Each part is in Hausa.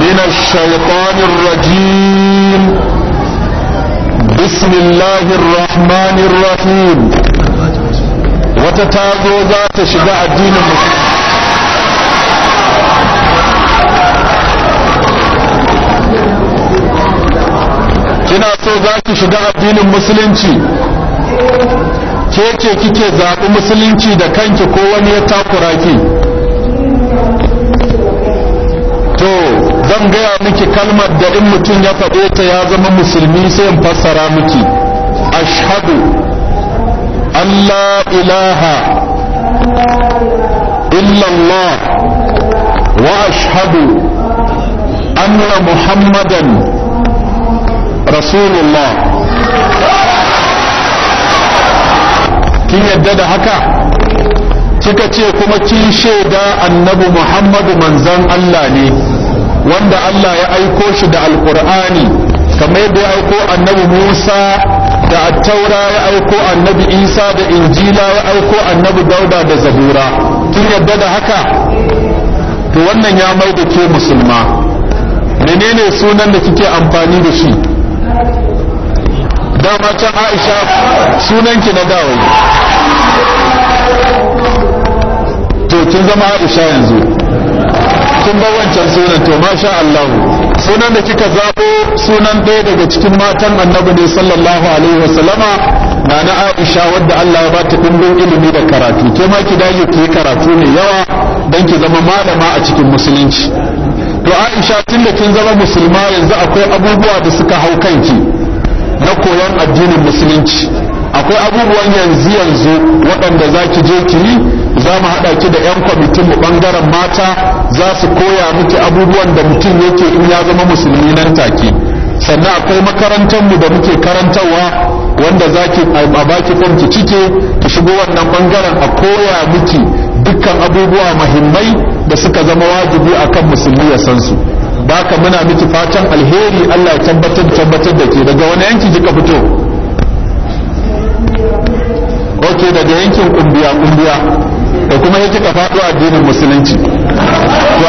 من الشيطان الرجيم بسم الله الرحمن الرحيم وتتاغو ذات شجاع الدين المسلم kina so za ki shiga addinin musulunci ke ce kike zaɓi musulunci da kanki ko wani ya takura ki to zan gaya miki kalmar da in mutum ya faɗe ta ya zama musulmi sai in fassara miki ashhadu Allah ilaha illallah wa ashhadu anna muhammadan rasulullah kin yadda da haka kika ce kuma kin shaida annabi muhammadu manzon Allah ne wanda Allah ya aiko shi da alkur'ani kamar yadda ya aiko annabi Musa da attaura ya aiko annabi Isa da injila ya aiko annabi Dauda da zabura kin yadda da haka to wannan ya mai da ke musulma menene sunan da kike amfani da shi dama can Aisha sunanki na dawai to kin zama Aisha yanzu kun bar wancan sunan to masha Allah sunan da kika zabo sunan ɗaya daga cikin matan annabi ne sallallahu alaihi wa na na Aisha wadda Allah ya ba ta dimbin ilimi da karatu ke ma ki dage ki karatu mai yawa dan ki zama malama a cikin musulunci to Aisha tun da kin zama musulma yanzu akwai abubuwa da suka hau kanki na koyon addinin musulunci akwai abubuwan yanzu yanzu waɗanda zaki je ki za mu haɗa ki da 'yan kwamitin mu ɓangaren mata za su koya miki abubuwan da mutum yake in ya zama musulmi nan take sannan akwai makarantar mu da muke karantarwa wanda za ki a baki fom ki cike ki shigo wannan ɓangaren a koya miki dukkan abubuwa mahimmai da suka zama wajibi akan musulmi ya san su baka muna miki fatan alheri Allah ya tabbatar tabbatar da ke daga wani yanki kika fito ok daga yankin kumbiya kumbiya da kuma ya kika faɗo addinin musulunci to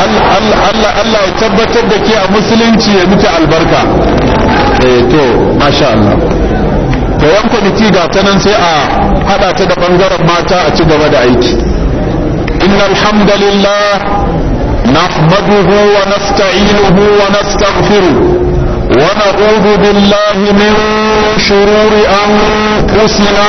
Allah Allah ya tabbatar da ke a musulunci ya miki albarka eh to masha Allah to yan kwamiti ga ta nan sai a hada ta da ɓangaren mata a ci gaba da aiki innal hamdalillah nahmaduhu wa nasta'inuhu wa nastaghfiruh ونعوذ بالله من شرور أنفسنا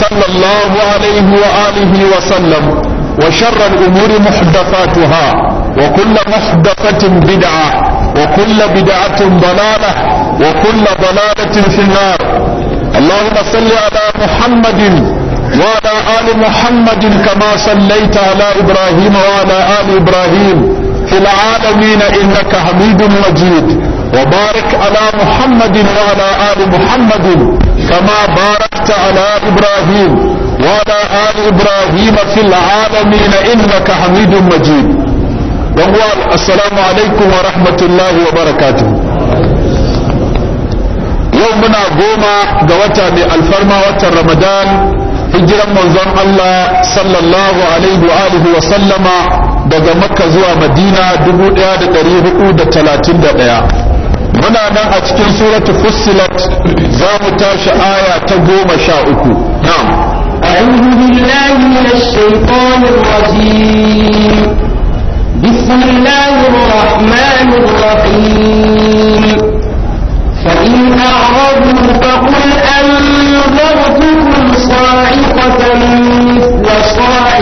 صلى الله عليه وآله وسلم وشر الأمور محدثاتها وكل محدثة بدعة وكل بدعة ضلالة وكل ضلالة في النار اللهم صل على محمد وعلى آل محمد كما صليت على إبراهيم وعلى آل إبراهيم في العالمين إنك حميد مجيد وبارك على محمد وعلى آل محمد كما باركت على إبراهيم وعلى آل إبراهيم في العالمين إنك حميد مجيد yanwa assalamu alaikum wa rahmatullahi wa barakatuh yau muna goma ga wata mai alfarma watan ramadan hijiran manzon Allah sallallahu alaihi wa alihi wa sallama daga makka zuwa da ɗaya. muna nan a cikin فصلت fussilat za mu tashi aya ta goma sha uku na'am أعوذ بالله من الشيطان الرجيم بسم الله الرحمن الرحيم فإن أعرضوا فقل أنذرتكم صاعقة مثل صاعقة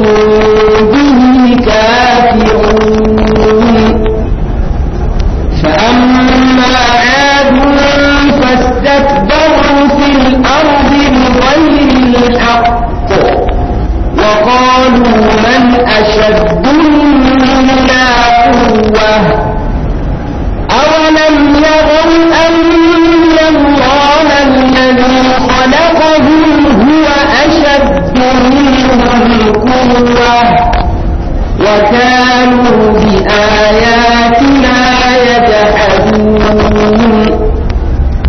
يَعْلَمُونَ بآياتنا يجحدون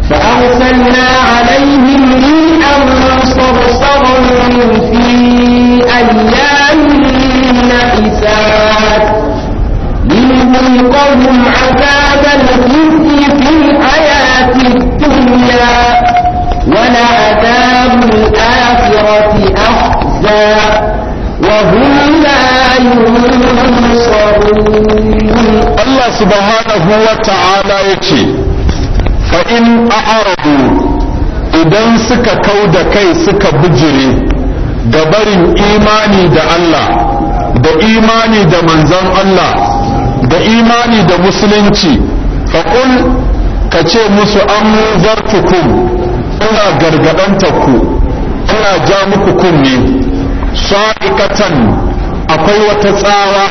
فأرسلنا عليهم ريحا صرصرا في أيام نحسات لنذيقهم عذاب الخزي في الحياة الدنيا ولعذاب الآخرة أخزى وهم لا ينصرون الله سبحانه وتعالى يكي فإن أعرضوا idan suka kau da kai suka bijire ga barin imani da Allah da imani da manzon Allah da imani da musulunci faƙul ka ce musu an zartukum ina gargaɗanta ku ina ja muku kunne sha'iqatan akwai wata tsawa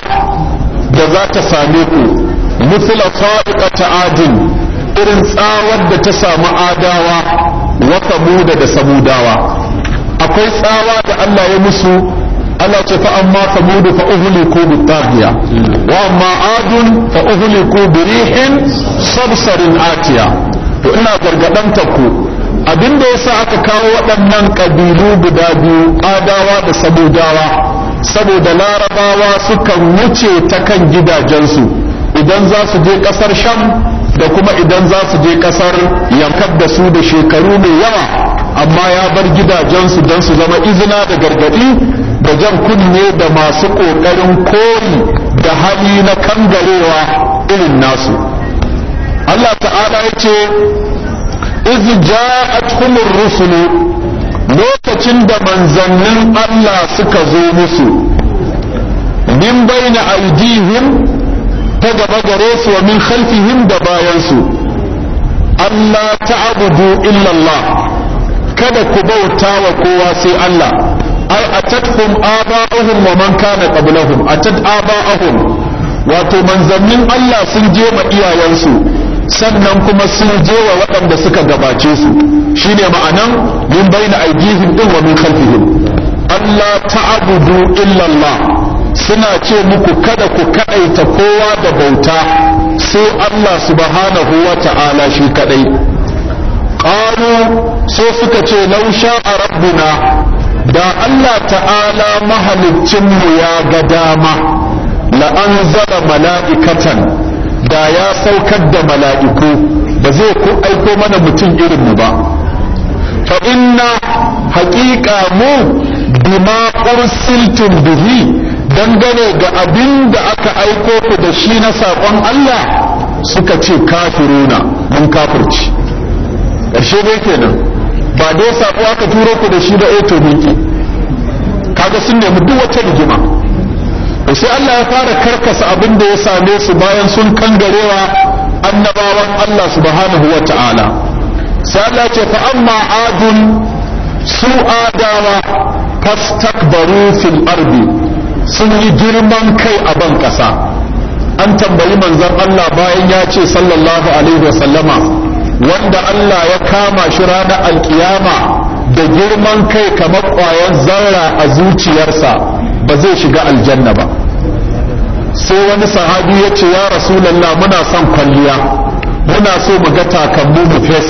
da za ta same ku mithla sa'iqata adin irin tsawar da ta samu adawa wa samuda da samudawa akwai tsawa da Allah ya musu Allah ce fa amma samudu fa uhliku bi taghiya wa amma adun fa uhliku bi rihin sabsarin atiya to ina gargadanta ku abinda ya sa aka kawo waɗannan ƙabilu guda biyu adawa da sabudawa saboda larabawa sukan wuce ta kan gidajensu idan za su je ƙasar sham da kuma idan za su je ƙasar yankar da su da shekaru mai yawa amma ya bar gidajensu don su zama izina da gargaɗi da jan kunne da masu ƙoƙarin koyi da hali na kangarewa irin nasu Allah ta'ala ya ce idh ja'atkumur rusulu lokacin da manzannin Allah suka zo musu min baina aydihim ta gaba gare su wa min khalfihim da bayansu Allah ta'budu illa Allah kada ku bauta wa kowa sai Allah ai atatkum aba'uhum wa man kana qablahum atat aba'uhum wato manzannin Allah sun je iyayensu sannan kuma sun je wa waɗanda suka gabace su shine ma'anan min baina aidihim din wa min khalfihim Allah ta'budu illa Allah suna ce muku kada ku kaɗaita kowa da bauta sai Allah su subhanahu wa ta'ala shi kadai qalu so suka ce law sha'a rabbuna da Allah ta'ala mahaliccinmu ya ga dama la'anzala mala'ikatan da ya saukar da mala'iku ba zai ku aiko mana mutum irin mu ba fa inna haƙiƙa mu bima ursiltum bihi dangane ga abin da aka aiko ku da shi na saƙon Allah suka ce kafiruna mun kafirci ƙarshe dai kenan ba dai saƙo aka turo ku da shi da eto eh Ka kaga sun nemi duk wata rigima to sai Allah ya fara karkasa abin da ya same su bayan sun kangarewa annabawan Allah subhanahu wa ta'ala sai Allah ce fa amma adun su adawa fastakbaru fil ardi sun yi girman kai a ban kasa an tambayi manzon Allah bayan ya ce sallallahu alaihi wa sallama wanda Allah ya kama shi ranar alkiyama da girman kai kamar ƙwayar zarra a zuciyarsa ba zai shiga aljanna ba sai wani sahabi ya ce ya rasulallah muna son kwalliya muna so mu ga takammu mu fes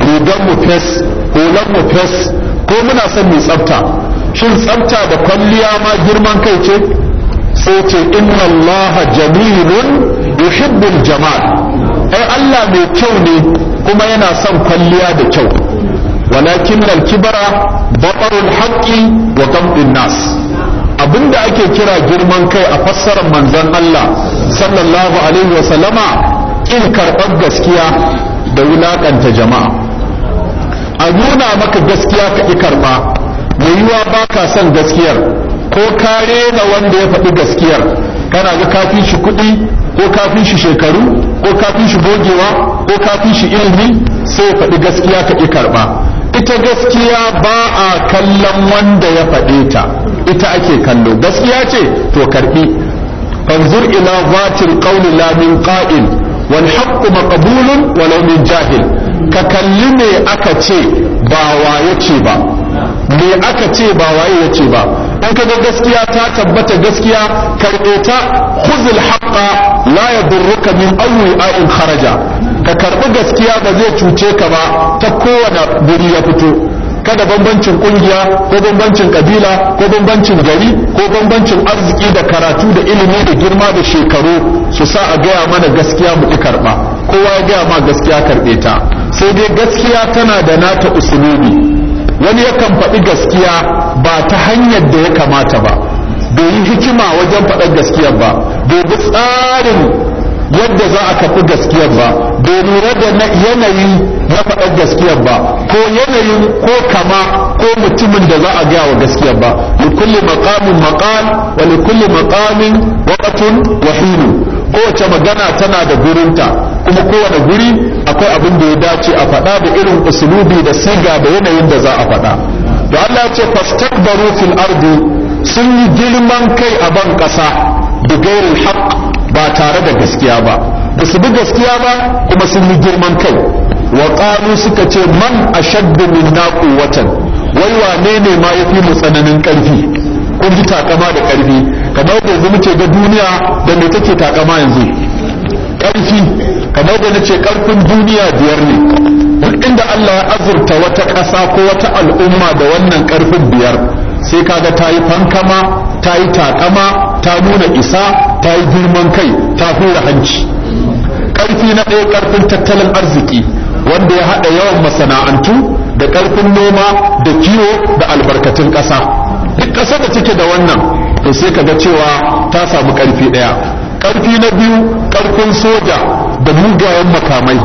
rigar mu fes hulan mu fes ko muna son mu tsafta shin tsafta da kwalliya ma girman kai ce sai ce inna allaha jamilun yuhibbul jamal ai allah mai kyau ne kuma yana son kwalliya da kyau walakin al-kibra batarul haqqi wa gamdin nas abinda ake kira girman kai a fassarar manzon Allah sallallahu alaihi wa sallama kin karɓar gaskiya da wulaƙanta jama'a a nuna maka gaskiya ka karɓa mai ba ka son gaskiyar ko ka rena wanda ya faɗi gaskiyar kana ga kafin shi kuɗi ko kafin shi shekaru ko kafin shi gogewa ko kafin shi ilimi sai faɗi gaskiya ka karɓa ita gaskiya ba a kallon wanda ya faɗe ta ita ake kallo gaskiya ce to karbi fanzur ila zatil qawli la min qa'il wal haqqu maqbulun walau min jahil ka kalli me aka ce ba waye ce ba me aka ce ba waye ya ce ba an kaga gaskiya ta tabbata gaskiya karbe ta khuzul haqqa la yadurruka min awwi a'in kharaja ka karbi gaskiya ba zai cuce ka ba ta kowane guri ya fito kada bambancin kungiya ko bambancin kabila ko bambancin gari ko bambancin arziki da karatu da ilimi da girma da shekaru su sa a gaya mana gaskiya mu ki karba kowa ya gaya ma gaskiya karbe ta sai dai gaskiya tana da nata usulubi wani yakan faɗi gaskiya ba ta hanyar da ya kamata ba bai yi hikima wajen faɗar gaskiya ba bai bi tsarin yadda za a kafi gaskiyar ba bai lura da yanayi na faɗar gaskiyar ba ko yanayin ko kama ko mutumin da za a gaya wa gaskiyar ba kuli maqamin maqal wa likulli maqamin waqtun wa hinu kowace magana tana da gurinta kuma kowane guri akwai abin da ya dace a faɗa da irin usulubi da siga da yanayin da za a faɗa da Allah ya ce fastakbaru fil ardi sun yi girman kai a ban ƙasa bigairin haqq ba tare da gaskiya ba ba su bi gaskiya ba kuma sun yi girman kai wa suka ce man ashaddu minna watan wai wane ne ma yafi mu tsananin ƙarfi. kun ji takama da ƙarfi kamar da yanzu muke ga duniya da me take takama yanzu ƙarfi kamar da nace ƙarfin duniya biyar ne inda Allah ya azurta wata ƙasa ko wata al'umma da wannan karfin biyar sai kaga ta yi fankama ta yi takama ta nuna isa ta yi girman kai ta hura hanci ƙarfi na ɗaya ƙarfin tattalin arziki wanda ya haɗa yawan masana'antu da ƙarfin noma da kiwo da albarkatun ƙasa duk ƙasa da take da wannan to sai ka ga cewa ta samu ƙarfi ɗaya ƙarfi na biyu ƙarfin soja da mugayen makamai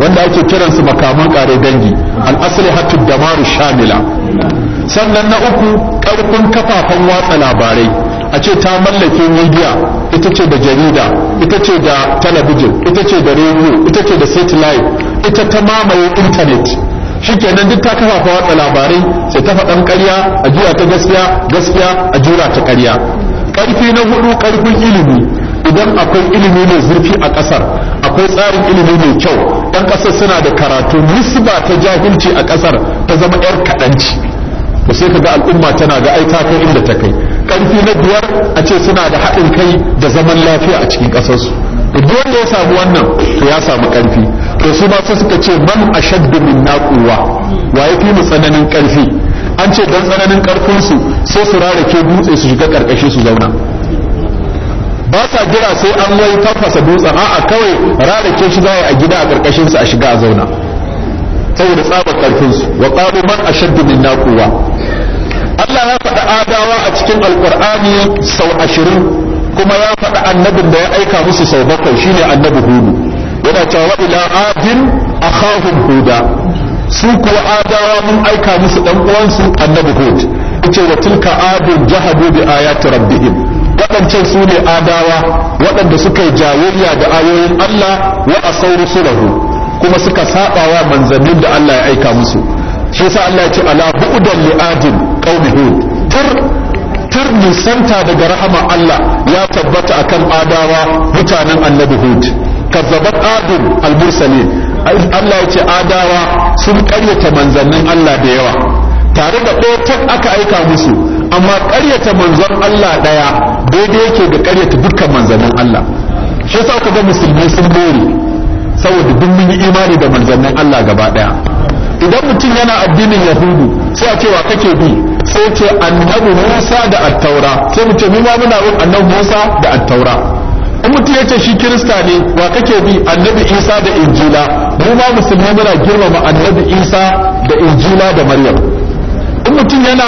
wanda ake kiransu makaman ƙare dangi al'asali hatu da maru shamila sannan na uku ƙarfin kafafen watsa labarai a ce ta mallake media ita ce da jarida ita ce da talabijin ita ce da rediyo ita ce da satellite ita ta mamaye internet shikenan duk ta kafafa watsa labarai sai ta faɗan ƙarya a jiya ta gaskiya gaskiya a jura ta ƙarya ƙarfi na hudu ƙarfin ilimi idan akwai ilimi mai zurfi a ƙasar akwai tsarin ilimi mai kyau ɗan ƙasar suna da karatu ba ta jahilci a ƙasar ta zama 'yar kaɗanci to sai ka ga al'umma tana ga ai kai inda ta kai ƙarfi na biyar a ce suna da haɗin kai da zaman lafiya a cikin ƙasarsu dole ya samu wannan to ya samu ƙarfi to su ba suka ce man ashaddu na quwwa wa yafi mu tsananin ƙarfi an ce don tsananin ƙarfinsu sai su rarake dutse su shiga ƙarƙashi su zauna ba sa jira sai an wai tafasa dutsen a'a kawai rarake shi za a gida a ƙarƙashinsu a shiga a zauna saboda tsabar ƙarfinsu wa ƙalu man ashaddu na quwwa Allah ya faɗa adawa a cikin alkur'ani sau ashirin kuma ya faɗa annabin da ya aika musu sau bakwai shine annabi hudu yana cewa ila adin akhahum huda su kuwa adawa mun aika musu dan uwansu annabi hud yace wa tilka adun jahadu bi ayati rabbihim waɗancan su ne adawa waɗanda suka yi jayayya da ayoyin Allah wa asau rusulahu kuma suka saɓawa manzannin da Allah ya aika musu shi yasa Allah ya ce ala bu'dan li adin qaumi hud tur tur nisanta daga rahama Allah ya tabbata akan adawa mutanen annabi hud kazzabat adun al-mursalin Allah ya adawa sun karyata manzannin Allah da yawa tare da ɗaya aka aika musu amma karyata manzon Allah ɗaya daidai yake da karyata dukkan manzannin Allah shi yasa ka ga musulmai sun bore saboda duk mun yi imani da manzannin Allah gaba ɗaya idan mutum yana addinin yahudu sai a cewa kake bi sai ce annabi Musa da attaura sai mu ce mu ma muna bin annabi Musa da attaura in mutum ya ce shi kirista ne wa kake bi annabi Isa da injila mu ma musulmi muna girmama annabi Isa da injila da Maryam in mutum yana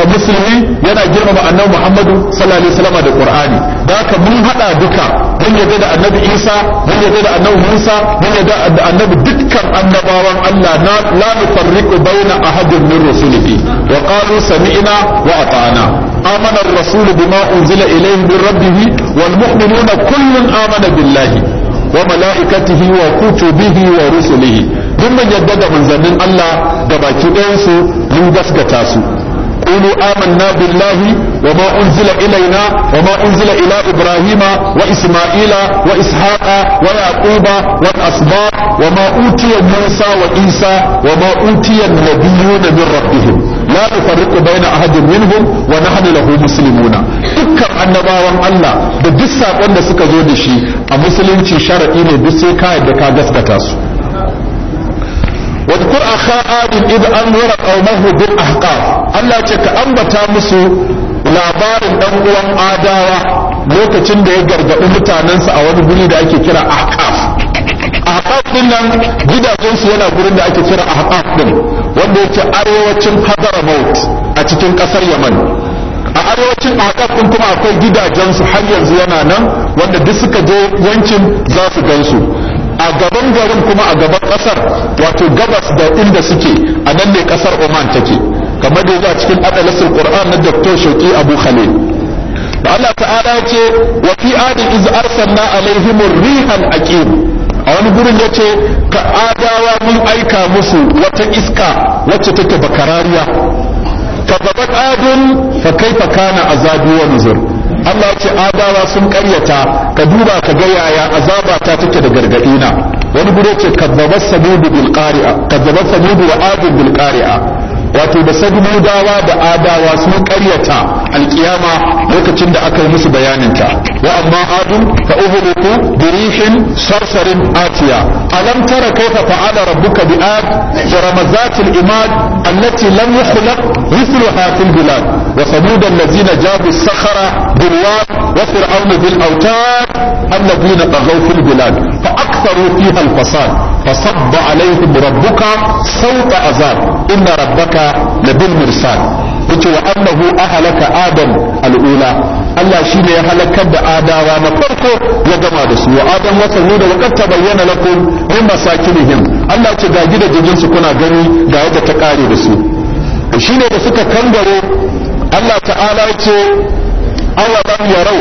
a musulmi yana girmama annabi Muhammadu sallallahu alaihi wasallam da Qur'ani da haka mun hada duka mun yarda da annabi isa mun yarda da annabi musa mun yarda da annabi dukkan annabawan allah na la nufarriku bayna ahadin min rusulihi wa qalu sami'na wa ata'na amana ar-rasul bima unzila ilayhi min rabbih wal kullun amana billahi wa mala'ikati wa kutubihi wa rusulihi duk mun yarda da manzannin allah da baki ɗayan su mun gaskata su قولوا آمنا بالله وما أنزل إلينا وما أنزل إلى إبراهيم وإسماعيل وإسحاق ويعقوب والأسباط وما أوتي موسى وعيسى وما أوتي النبيون من ربهم لا نفرق بين أحد منهم ونحن له مسلمون dukkan annabawan Allah da duk saƙon da suka zo da shi a musulunci sharaɗi ne duk sai ka yadda ka gaskata su wadkur akha adin id anwara qaumahu bil ahqaf Allah ce ka ambata musu labarin ɗan uwan adawa lokacin da ya gargaɗi mutanensa a wani guri da ake kira ahqaf ahqaf ɗin nan gidajensu yana gurin da ake kira ahqaf ɗin. wanda yake arewacin Hadramaut a cikin ƙasar Yaman a arewacin ɗin kuma akwai gidajensu har yanzu yana nan wanda duk suka je yankin za su gansu a gaban garin kuma a gaban kasar wato gabas da inda suke a nan ne kasar Oman take kamar da zuwa cikin adalasul Qur'an na Dr. Shauki Abu Khalil da Allah ta'ala ya ce wa fi adi iz arsalna alaihim rihan aqim a wani gurin ya ce ka adawa mun aika musu wata iska wacce take bakarariya ka gabat adun fa kaifa kana azabu wa nuzur Allah ya ce adawa sun karyata ka duba ka ga yaya azaba ta take da gargadi na wani gure ce kazzabat samudu bil qari'a kazzabat wa adu bil qari'a wato da sadudawa da adawa sun karyata alkiyama lokacin da aka yi musu bayaninta wa amma adun ta uhliku bi rihin sarsarin atiya alam tara kayfa fa'ala rabbuka bi ad jaramazatil imad allati lam yukhlaq mithluha fil bilad wa samud allazina jabu sakhara bil wad wa fir'aun bil awtad allazina taghaw fil bilad fa aktharu fiha al-fasad mu فصب عليهم ربك صوت عذاب إن ربك لبالمرصاد yace wa annahu ahlaka adam al'ula Allah shine ya halakar da adawa na farko ya gama da su wa adam wasanni bayyana waqad tabayyana lakum min masakinihim Allah ce ga gidajen su kuna gani ga yadda ta ƙare da su shine da suka kangaro Allah ta'ala ce awalam yarau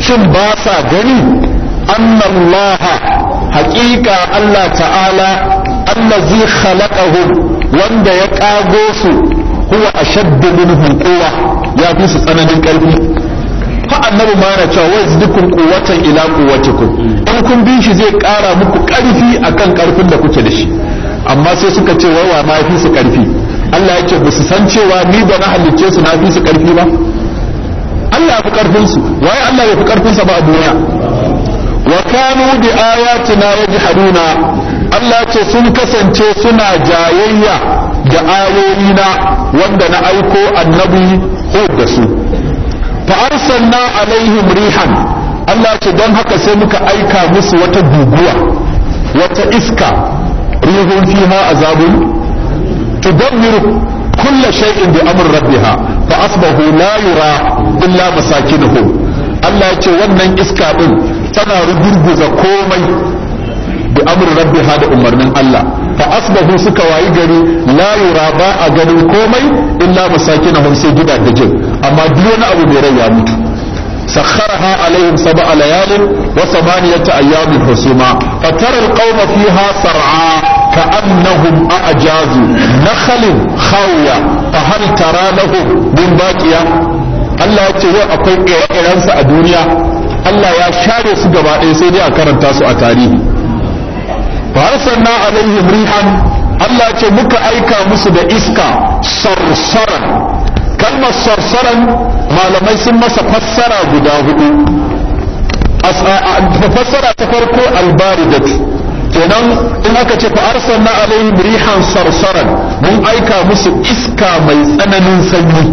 shin ba sa gani annallaha haƙiƙa Allah ta'ala allazi khalaqahum wanda ya kago su huwa ashaddu minhum quwwa ya fi su tsananin karfi fa annabi ma yana cewa wazdukum quwwatan ila quwwatikum in kun bin shi zai ƙara muku karfi akan karfin da kuke da shi amma sai suka ce wa ma fi su karfi Allah ya ce ba su san cewa ni da na halicce su na fi su karfi ba Allah ya fi karfin su waye Allah ya fi karfin sa ba a duniya wa kanu bi ayatina yajhaduna Allah ce sun kasance suna jayayya da na wanda na aiko annabi Hud da su fa arsalna alaihim rihan Allah ce don haka sai muka aika musu wata guguwa wata iska rihun fiha azabun tudammiru kulla shay'in bi amr rabbiha fa asbahu la yura illa masakinuhum Allah ya ce wannan iska din tana rugurguza komai da amurin rabbi ha da umarnin Allah fa asbahu suka wayi gari la ba a ganin komai illa masakin hun sai gida da jin amma duk wani abu bai rai ya mutu sakharaha alaihim sab'a layalin wa thamaniyata ayyamin husuma fataral qauma fiha sar'a كأنهم أعجاز نخل خاوية فهل ترى لهم من باقية الله يقول أقول إيران سأدوريا Allah ya share su gaba ɗaya sai dai a karanta su a tarihi fa arsalna alaihim rihan Allah ce muka aika musu da iska sarsaran kalmar sarsaran malamai sun masa fassara guda hudu fassara ta farko albaridat kenan in aka ce fa arsalna alaihim rihan sarsaran mun aika musu iska mai tsananin sanyi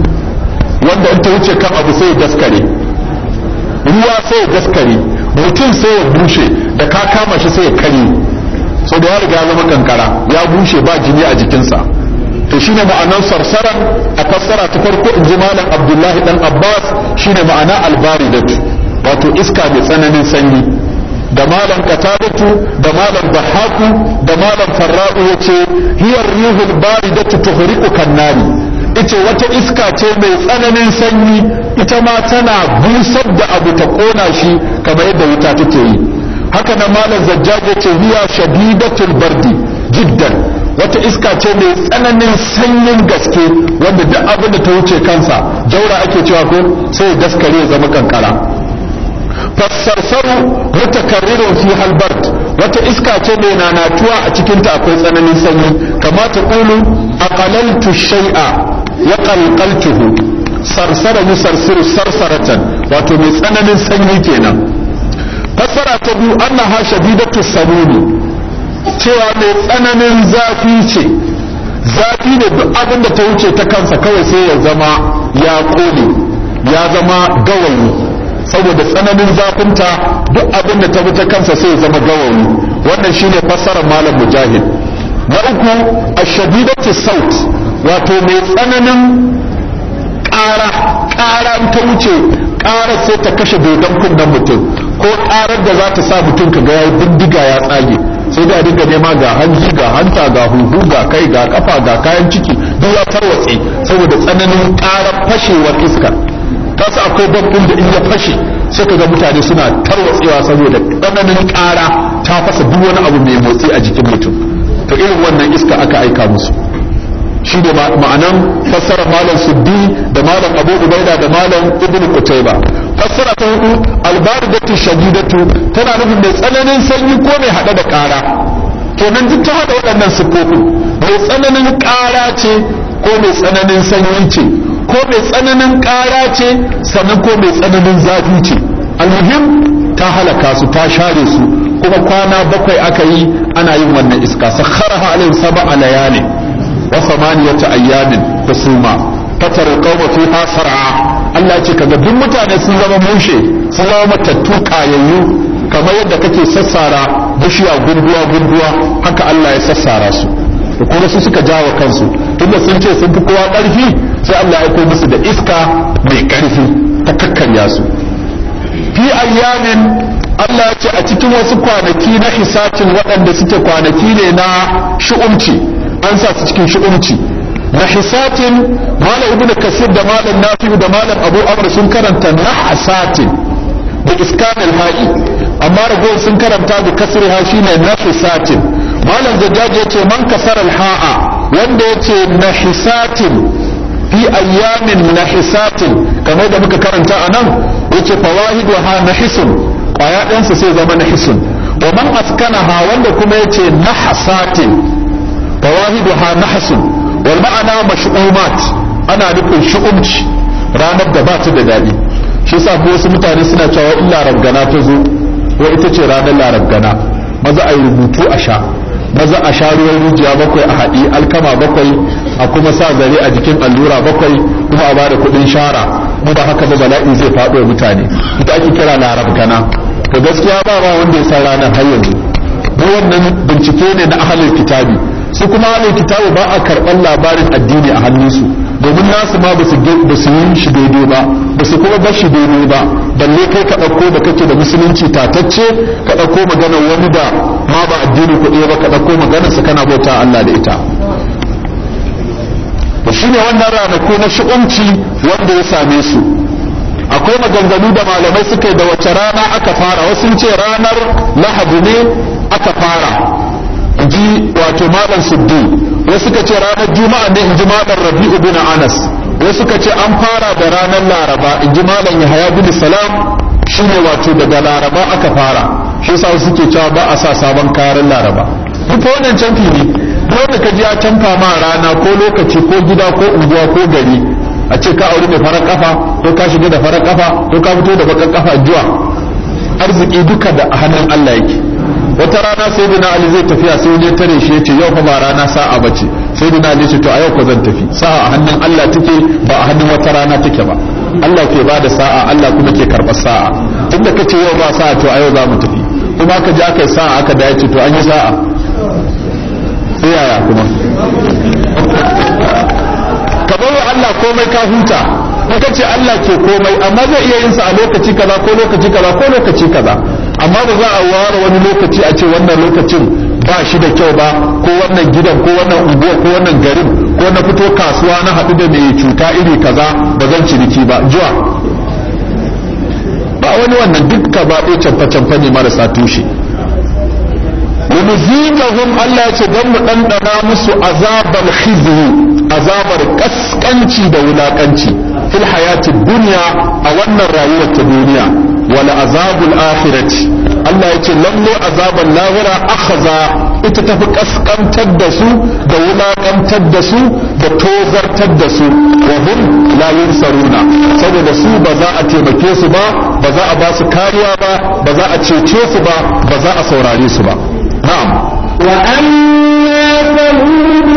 wanda in ta wuce kan abu sai daskare ruwa sai ya daskare mutum sai ya bushe da ka kama shi sai ya kare sau da ya riga zama kankara ya bushe ba jini a jikinsa to shine ma'anar sarsaran a fassara ta farko in ji malam abdullahi dan abbas shine ma'ana albaridat wato iska mai tsananin sanyi da malam katadatu da malam bahaku da malam farra'u ce hiyar rihul baridatu tuhuriku kannari ita wata iska ce mai tsananin sanyi ita ma tana busar da abu ta kona shi kamar yadda wuta take yi haka na malam zajjaje ce hiya shadidatul bardi jiddan wata iska ce mai tsananin sanyin gaske wanda duk abin da ta wuce kansa jaura ake cewa ko sai daskare zama kankara fassarsaru mutakarrirun fi halbart wata iska ce mai nanatuwa a cikinta akwai tsananin sanyi kamata kulu kalaltu shai'a. ya qalqaltuhu sarsara musarsiru sarsaratan wato mai tsananin sanyi kenan fassara ta biyu annaha shadidatu samuni cewa mai tsananin zafi ce zafi ne duk abin da ta wuce ta kansa kawai sai ya zama ya kone ya zama gawayi saboda tsananin zafinta duk abin da ta wuce ta kansa sai ya zama gawayi wannan shine fassarar malam mujahid na uku ashadidatu saut wato mai tsananin ƙara ƙara ta wuce ƙara sai ta kashe dodon kunnen mutum ko ƙarar da za ta sa mutum ka ga ya bindiga ya tsage sai da dinga nema ga hanji ga hanta ga huhu ga kai ga kafa ga kayan ciki duk ya tarwatse saboda tsananin ƙara fashewar iska kasa akwai babbun da in ya fashe sai ka ga mutane suna tarwatsewa saboda tsananin ƙara ta fasa duk wani abu mai motsi a jikin mutum to irin wannan iska aka aika musu shi ne ma'anan fassara malam suddi da malam abu ubaida da malam ibn kutaiba fassara ta hudu albaridatu shadidatu tana nufin mai tsananin sanyi ko mai hada da kara kenan duk ta hada waɗannan siffofin mai tsananin kara ce ko mai tsananin sanyi ce ko mai tsananin kara ce sannan ko mai tsananin zafi ce almuhim ta halaka su ta share su kuma kwana bakwai aka yi ana yin wannan iska sakharaha alayhi sab'a layalin wa samaniyata ayyamin da suma fatar qauma fiha sar'a Allah ce kaga duk mutane sun zama mushe sun zama matattu kayayyu kamar yadda kake sassara bishiya gunduwa gunduwa haka Allah ya sassara su da kuma su suka jawo kansu tunda sun ce sun fi kowa ƙarfi sai Allah ya musu da iska mai ƙarfi ta kakkarya su fi ayyamin Allah ya ce a cikin wasu kwanaki na hisacin waɗanda suke kwanaki ne na shu'umci an sa su cikin shu'umci na hisatin malam ibnu kasir da malam nafi da malam abu amr sun karanta na hasatin da iskan al-ha'i amma ragowar sun karanta da kasir ha shine na hisatin malam zajjaji yace man kasara al-ha'a wanda yace na hisatin fi ayyamin na hisatin kamar da muka karanta anan yace fawahid wa ha nahisun kwaya ɗansa sai zama nahisun wa man askanaha wanda kuma yace na fawahiduha nahsun wal ma'ana mashu'umat ana nufin shu'umci ranar da ba ta da daɗi shi yasa ko wasu mutane suna cewa in larabgana ta zo ko ita ce ranar larabgana maza a yi rubutu a sha maza a sha ruwan rijiya bakwai a haɗi alkama bakwai a kuma sa zare a jikin allura bakwai kuma a bada kuɗin shara mu ba haka ba bala'i zai faɗo mutane ita ake kira larabgana to gaskiya ba ba wanda ya san ranar har yanzu wannan bincike ne na ahalin kitabi su kuma ne kitabu ba a karɓar labarin addini a hannunsu domin nasu ma ba su yi shi daidai ba ba su kuma ba shi daidai ba balle kai ka ɗauko da kake da musulunci tatacce ka ɗauko maganar wani da ma ba addini kuɗi ba ka ɗauko maganar su kana bauta Allah da ita Ba shi ne wannan ranaku na shi'unci wanda ya same su akwai maganganu da malamai suka yi da wace rana aka fara wasu ce ranar lahadi ne aka fara in ji wato malam suddi wasu suka ce ranar juma'a ne in ji malam rabi'u bin anas wasu suka ce an fara da ranar laraba in ji malam yahaya bin salam shine wato daga laraba aka fara shi yasa suke cewa ba a sa sabon karin laraba duk wannan can fili wanda ka ji a canfa ma rana ko lokaci ko gida ko unguwa ko gari a ce ka aure mai farar kafa ko ka shiga da farar kafa ko ka fito da bakar kafa juwa arziki duka da hannun Allah yake wata rana sai ali zai tafiya sai wani tare shi ya ce yau fa ba rana sa'a bace sai duna ali ce to a yau ko zan tafi sa'a a hannun Allah take ba a hannun wata rana take ba Allah ke ba da sa'a Allah kuma ke karɓar sa'a tunda kace yau ba sa'a to a yau za mu tafi kuma aka ji aka yi sa'a aka da yace to an yi sa'a sai kuma ka Allah komai ka huta in ka ce Allah ke komai amma zai iya yin sa a lokaci kaza ko lokaci kaza ko lokaci kaza amma ba za a ware wani lokaci a ce wannan lokacin ba shi da kyau ba ko wannan gidan ko wannan unguwa ko wannan garin ko na fito kasuwa na haɗu da mai cuta iri kaza ba zan ciniki ba juwa. ba wani wannan duk ka zaɓo canfa-canfa ne marasa tushe ونذيقهم الله يتدم أن mu عذاب الخزي azabar kaskanci da wulakanci fil hayati duniya a wannan rayuwar ta duniya wala azabul akhirati Allah ya yace lallo azaban lahira akhza ita tafi kaskantar da su da wulakantar da su da tozartar da su wa hum la yunsaruna saboda su ba za a taimake su ba ba za a ba su ba ba za a cece su ba ba za a saurare su ba na'am wa amma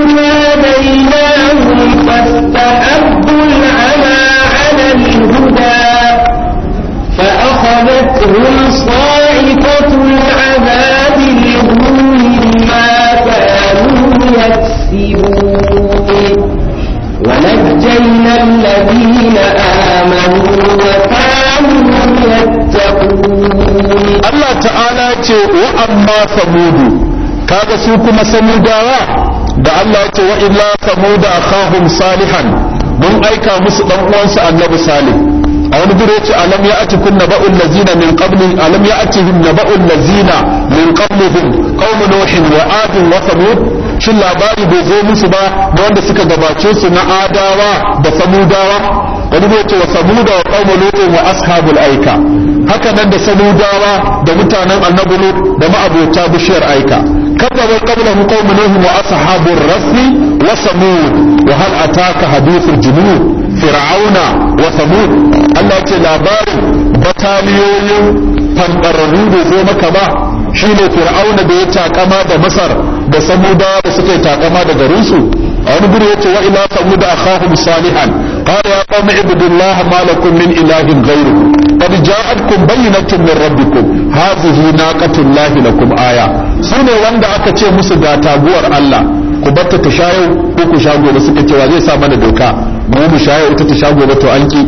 ثمود فهديناهم فاستحبوا على على الهدى فأخذتهم صاعقة العذاب الغم ما كانوا يكسبون ونجينا الذين آمنوا وكانوا يتقون الله تعالى وأما ثمود كاد su kuma samudawa da Allah ya ce wa illa samuda akhahum salihan mun aika musu dan uwansa annabi salih a wani gure ce alam ya ati kunna ba'ul lazina min qabli alam ya ati kunna ba'ul lazina min qablihim qaum nuhin wa ad wa samud shin labari bai zo musu ba da wanda suka gabace su na adawa da samudawa wani gure ce wa samuda wa qaum nuhin wa ashabul aika haka nan da samudawa da mutanen annabi da ma'abota bishiyar aika كذب قبلهم قوم نوح وأصحاب الرس وثمود وهل أتاك حديث الجنود فرعون وثمود الله تلابار بطاليوي fanɗararru bai zo maka ba shine fir'auna da ya takama da masar da samuda da suke yi takama da garinsu a wani guri yace wa ila samuda akhahum salihan qala ya qawmi ibudullah ma lakum min ilahin ghayruhu qad ja'atkum bayyinatun min rabbikum hadhihi naqatullahi lakum aya su ne wanda aka ce musu ga taguwar Allah ku batta ta sha yau ko ku sha gobe suka ce wa zai sa mana doka mu mu sha ita ta sha gobe to an ki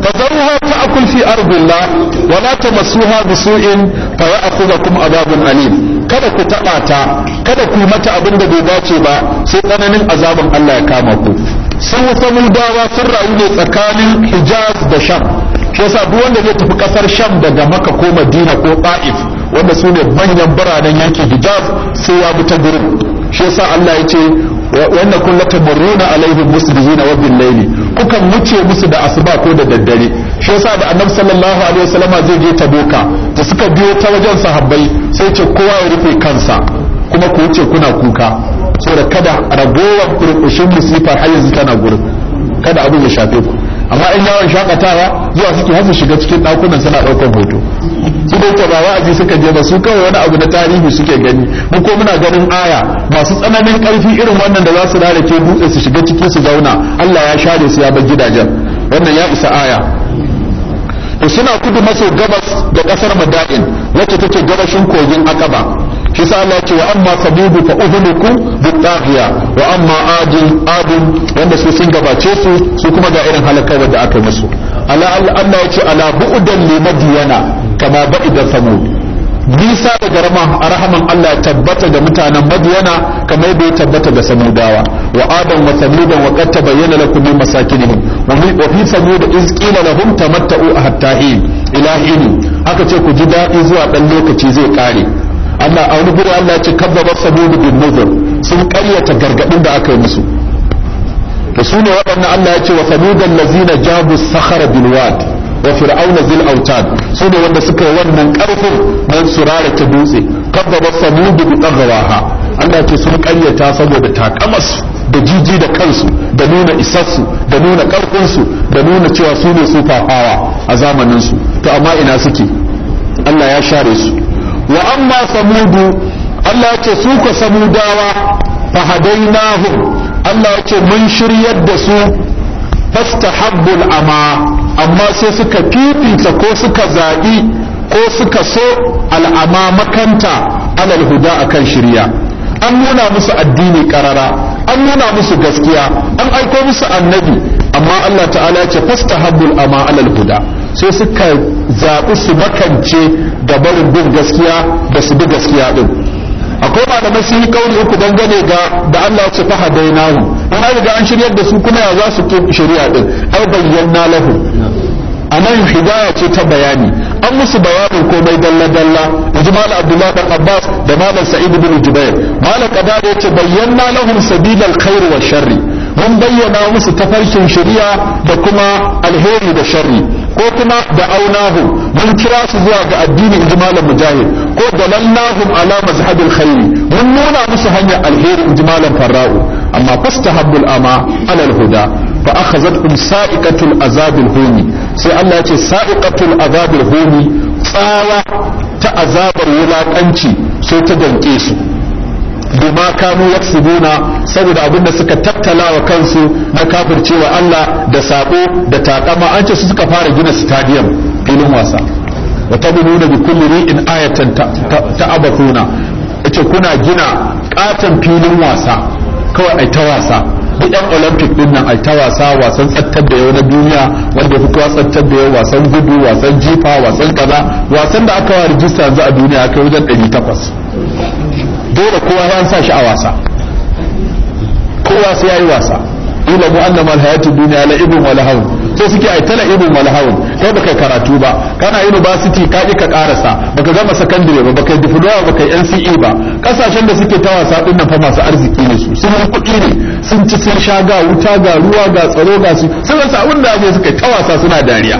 ta ta'kul fi ardillah wa la tamassuha bisu'in fa ya'khudhukum adabun alim kada ku taba ta kada ku mata abin da bai dace ba sai tsananin azabin Allah ya kama ku sun dawa sun rayu ne tsakanin Hijaz da Sham shi yasa duk wanda zai tafi kasar Sham daga Makka ko Madina ko Taif wanda su ne manyan biranen yankin hijab sai ya bi ta gurin shi yasa Allah ya ce wanda kun latamurruna alaihi musbihina wa bil layli kukan wuce musu da asuba ko da daddare shi yasa da annabi sallallahu alaihi wasallama zai je ta doka da suka biyo ta wajen sahabbai sai ce kowa ya rufe kansa kuma ku wuce kuna kuka saboda kada ragowar kurkushin musifar har yanzu tana gurin kada abin ya shafe ku amma in yawon shakatawa zuwa suke hasu shiga cikin ɗakunan suna ɗaukar hoto su da ba wa'azi suka je ba su kawai wani abu na tarihi suke gani mu ko muna ganin aya masu tsananin ƙarfi irin wannan da za su lalace dutse su shiga ciki su zauna Allah ya share su ya bar gidajen wannan ya isa aya to suna kudu maso gabas da ƙasar Madain wacce take gabashin kogin Akaba shi Allah ce wa amma sabibu fa uhliku bi taghiya wa amma adin wanda su sun gabace su su kuma ga irin halakar da aka musu ala Allah ya ce ala bu'dan li madyana kama ba'ida samud nisa daga rahaman Allah tabbata da mutanen madiyana kamar bai tabbata da samudawa wa adam wa samudan wa qad tabayyana lakum min masakinihim wa fi samud iz qila lahum tamatta'u hatta hin ila haka ce ku ji dadi zuwa dan lokaci zai kare Allah a wani guri Allah ya ce kazzaba sabudu bin nuzur sun karyata gargadin da aka yi musu to su ne Allah ya ce wa sabudan lazina jabu sakhara bil wad wa fir'auna zil autad su ne wanda suka yi wannan karfin dan surara ta dutse kazzaba sabudu bi qaghawaha Allah ce sun karyata saboda takamarsu da jiji da kansu da nuna isassu da nuna karfinsu da nuna cewa su ne su fafawa a zamaninsu to amma ina suke Allah ya share su wa amma samudu Allah ce su ka samudawa fa hadainahum Allah ya ce mun shiryar da su fastahabbul ama amma sai suka fifita ko suka zaɓi ko suka so al'ama makanta alal huda akan shirya an nuna musu addini karara an nuna musu gaskiya an aiko musu annabi amma Allah ta'ala ce fastahabbul ama alal huda sai suka zaɓi su makance da barin bin gaskiya da su bi gaskiya din akwai malamai sun yi kauri uku dangane ga da Allah ya ce fa hadainahu an riga an shiryar da su kuma ya za su ki shari'a din ai bayyana lahu anan hidaya ce ta bayani an musu bayanin komai dalla-dalla da malam abdullahi dan abbas da malam sa'id bin jubair malam da ya ce bayyana lahum sabilal khair wa sharri mun bayyana musu tafarkin shari'a da kuma alheri da sharri ko kuma da aunahu mun kira su zuwa ga addini inji malam mujahid ko dalallahum ala mazhabil khairi mun nuna musu hanyar alheri inji malam farra'u amma fastahabbul ama ala huda fa akhazatkum sa'iqatul azabil huni sai Allah ya ce sa'iqatul azabil huni tsawa ta azabar wulakanci sai ta danke su bima kanu yaksubuna saboda abin da suka tattala wa kansu na kafircewa Allah da sako da takama an ce su suka fara gina stadium filin wasa wa tabununa bi kulli ri'in ayatan ta'abathuna yace kuna gina katon filin wasa kawai ai ta wasa duk yan olympic din nan ai ta wasa wasan tsattar da yau na duniya wanda ya fito tsattar da yau wasan gudu wasan jifa wasan kaza wasan da aka wa rijista yanzu a duniya kai wajen 800 dole kowa ya sa shi a wasa kowa sai yayi wasa ila mu annama hayatu dunya la ibn wa So sai suke ai tala ibn wa lahawun kai baka karatu ba kana university ka ka karasa baka gama secondary ba baka diploma baka NCE ba kasashen da suke ta wasa din nan fa masu arziki ne su sun kuɗi ne sun ci sun sha ga wuta ga ruwa ga tsaro ga su sai sa abin da suka ta wasa suna dariya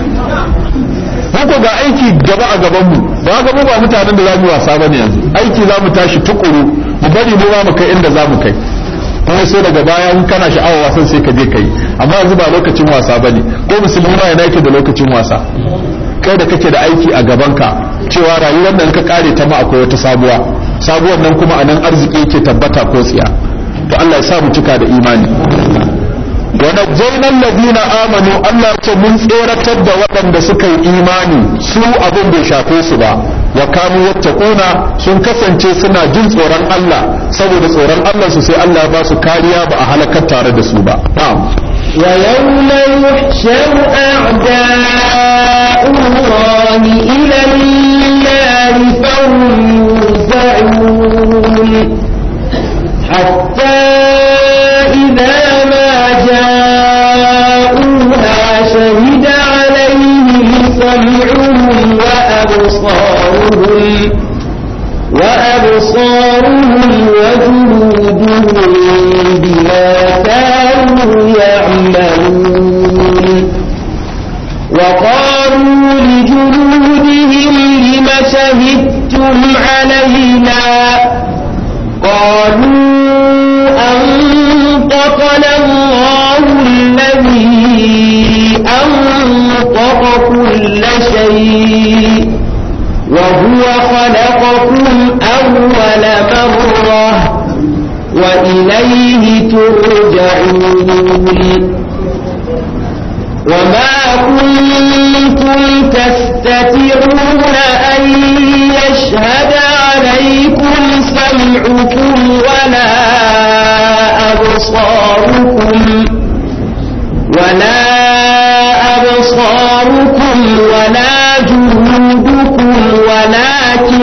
ko ga aiki gaba a gaban mu ba ga ba mutanen da zamu wasa bane yanzu aiki za mu tashi tukuru mu bari mu ba mu kai inda za mu kai kuma sai daga baya in kana sha'awa wasan sai ka je kai amma yanzu ba lokacin wasa bane ko musulmi ma yana yake da lokacin wasa kai da kake da aiki a gaban ka cewa rayuwar nan ka kare ta ma akwai wata sabuwa sabuwar nan kuma a nan arziki yake tabbata ko tsiya to Allah ya sa mu cika da imani ونجينا الذين آمنوا الله تمن إيرتد وطن دسكي إيماني سوء أبن بشاكوس با وكانوا يتقون سن كسن سنا جنس وران الله سبو دس وران الله سي الله باسو كاريا بأهلك تارد سوبا نعم ويوم يحشر أعداء الله إلى النار فهم يوزعون حتى سمعهم وأبصارهم وأبصارهم وجلودهم بما كانوا يعملون وقالوا لجلودهم لم شهدتم علينا قالوا شيء وهو خلقكم أول مرة وإليه ترجعون وما كنتم تستطيعون أن يشهد عليكم سمعكم ولا أبصاركم ولا أبصاركم ولا جهودكم ولكن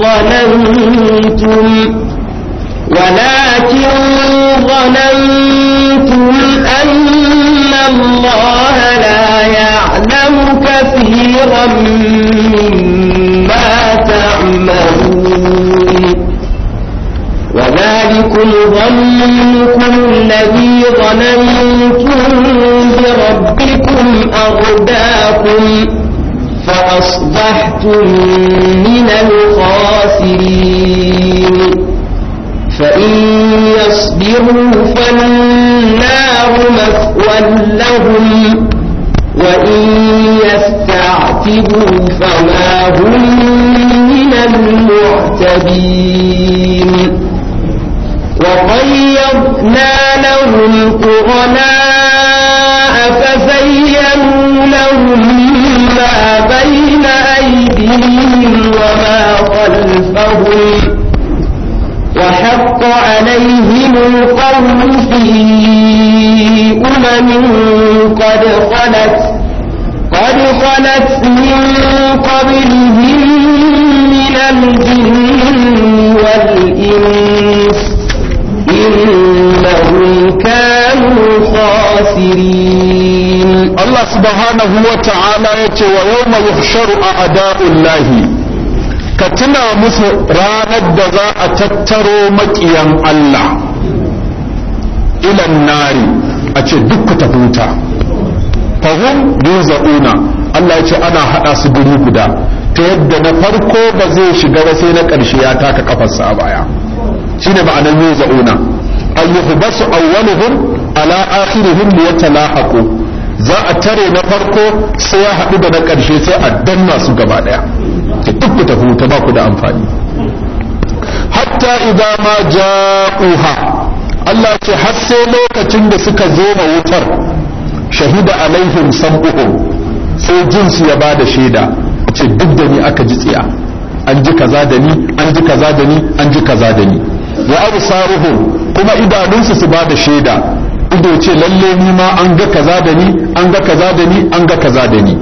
ظننتم ولكن ظننتم أن الله لا يعلم كثيرا مما تعملون وذلكم ظنكم الذي ظننتم ربكم أغداكم فأصبحتم من الخاسرين فإن يصبروا فالنار مثوى لهم وإن يستعتبوا فما هم من المعتبين وقيضنا لهم قرناً فزينوا لهم ما بين أيديهم وما خلفهم وحق عليهم القول في أمم قد خلت قد خلت من قبلهم من الجن والإنس إنهم كانوا خاسرين Allah subhanahu wa ta'ala ya ce wa yau mai yuhsharu a lahi ka tuna musu ranar da za a tattaro maƙiyan Allah ilan nari a ce duk ku tafuta fahim yuzauna Allah ya ce ana haɗa su guri guda ta yadda na farko ba zai shiga ba sai na ƙarshe ya taka kafarsa a baya shine ma'anar yuzauna ayyuhu basu awwaluhum ala akhiruhum liyatalahaqu za a tare na farko sai ya haɗu da na ƙarshe sai a danna su gaba ɗaya ta duk ta huta ba ku da amfani hatta idza ma ja'uha Allah ce har sai lokacin da suka zo ma wutar shahida alaihim sam'uhum sai jin su ya bada shaida ce duk da ni aka ji tsiya an ji kaza da ni an ji kaza da ni an ji kaza da ni wa arsaruhum kuma idanunsu su bada shaida ido ce lalle ni ma an ga kaza da ni an ga kaza da ni an ga kaza da ni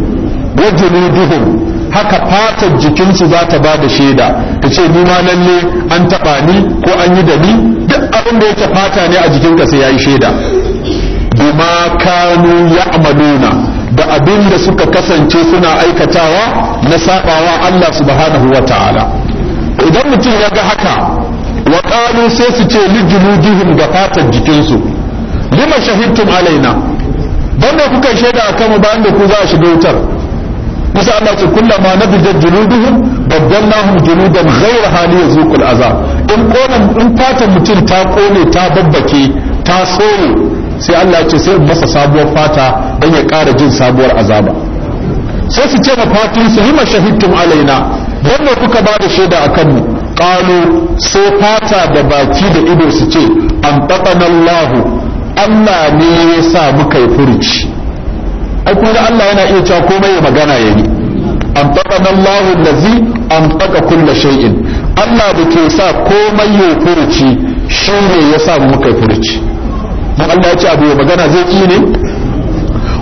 wajuluduhum haka fatar jikinsu za ta ba da shaida ta ce ni ma lalle an taɓa ni ko an yi da ni duk abin da yake fata ne a jikinka sai ya yi shaida bima kanu ya'maluna da abin da suka kasance suna aikatawa na sabawa Allah subhanahu wa ta'ala idan mutum ya ga haka wa sai su ce lijuludihim ga fatar jikinsu lima shahidtum alaina banda me kuka shaida akan mu bayan da ku za a shiga wutar musa Allah ce kullama nabijat juluduhum baddalnahum juludan ghayra hali yazuqul aza. in konan in fatan mutum ta kone ta babbake ta soye sai Allah ce sai masa sabuwar fata don ya ƙara jin sabuwar azaba sai su ce ma fatin su hima shahidtum alaina banda kuka ba da shaida a kanmu qalu sai fata da baki da ido su ce an Allahu Allah ne ya sa muka yi furuci ai kuma Allah yana iya cewa komai ya magana yayi an taqana Allahu allazi an taqa kulla shay'in Allah da ke sa komai ya furuci shi ne ya sa muka yi furuci dan Allah ya ce abu ya magana zai ki ne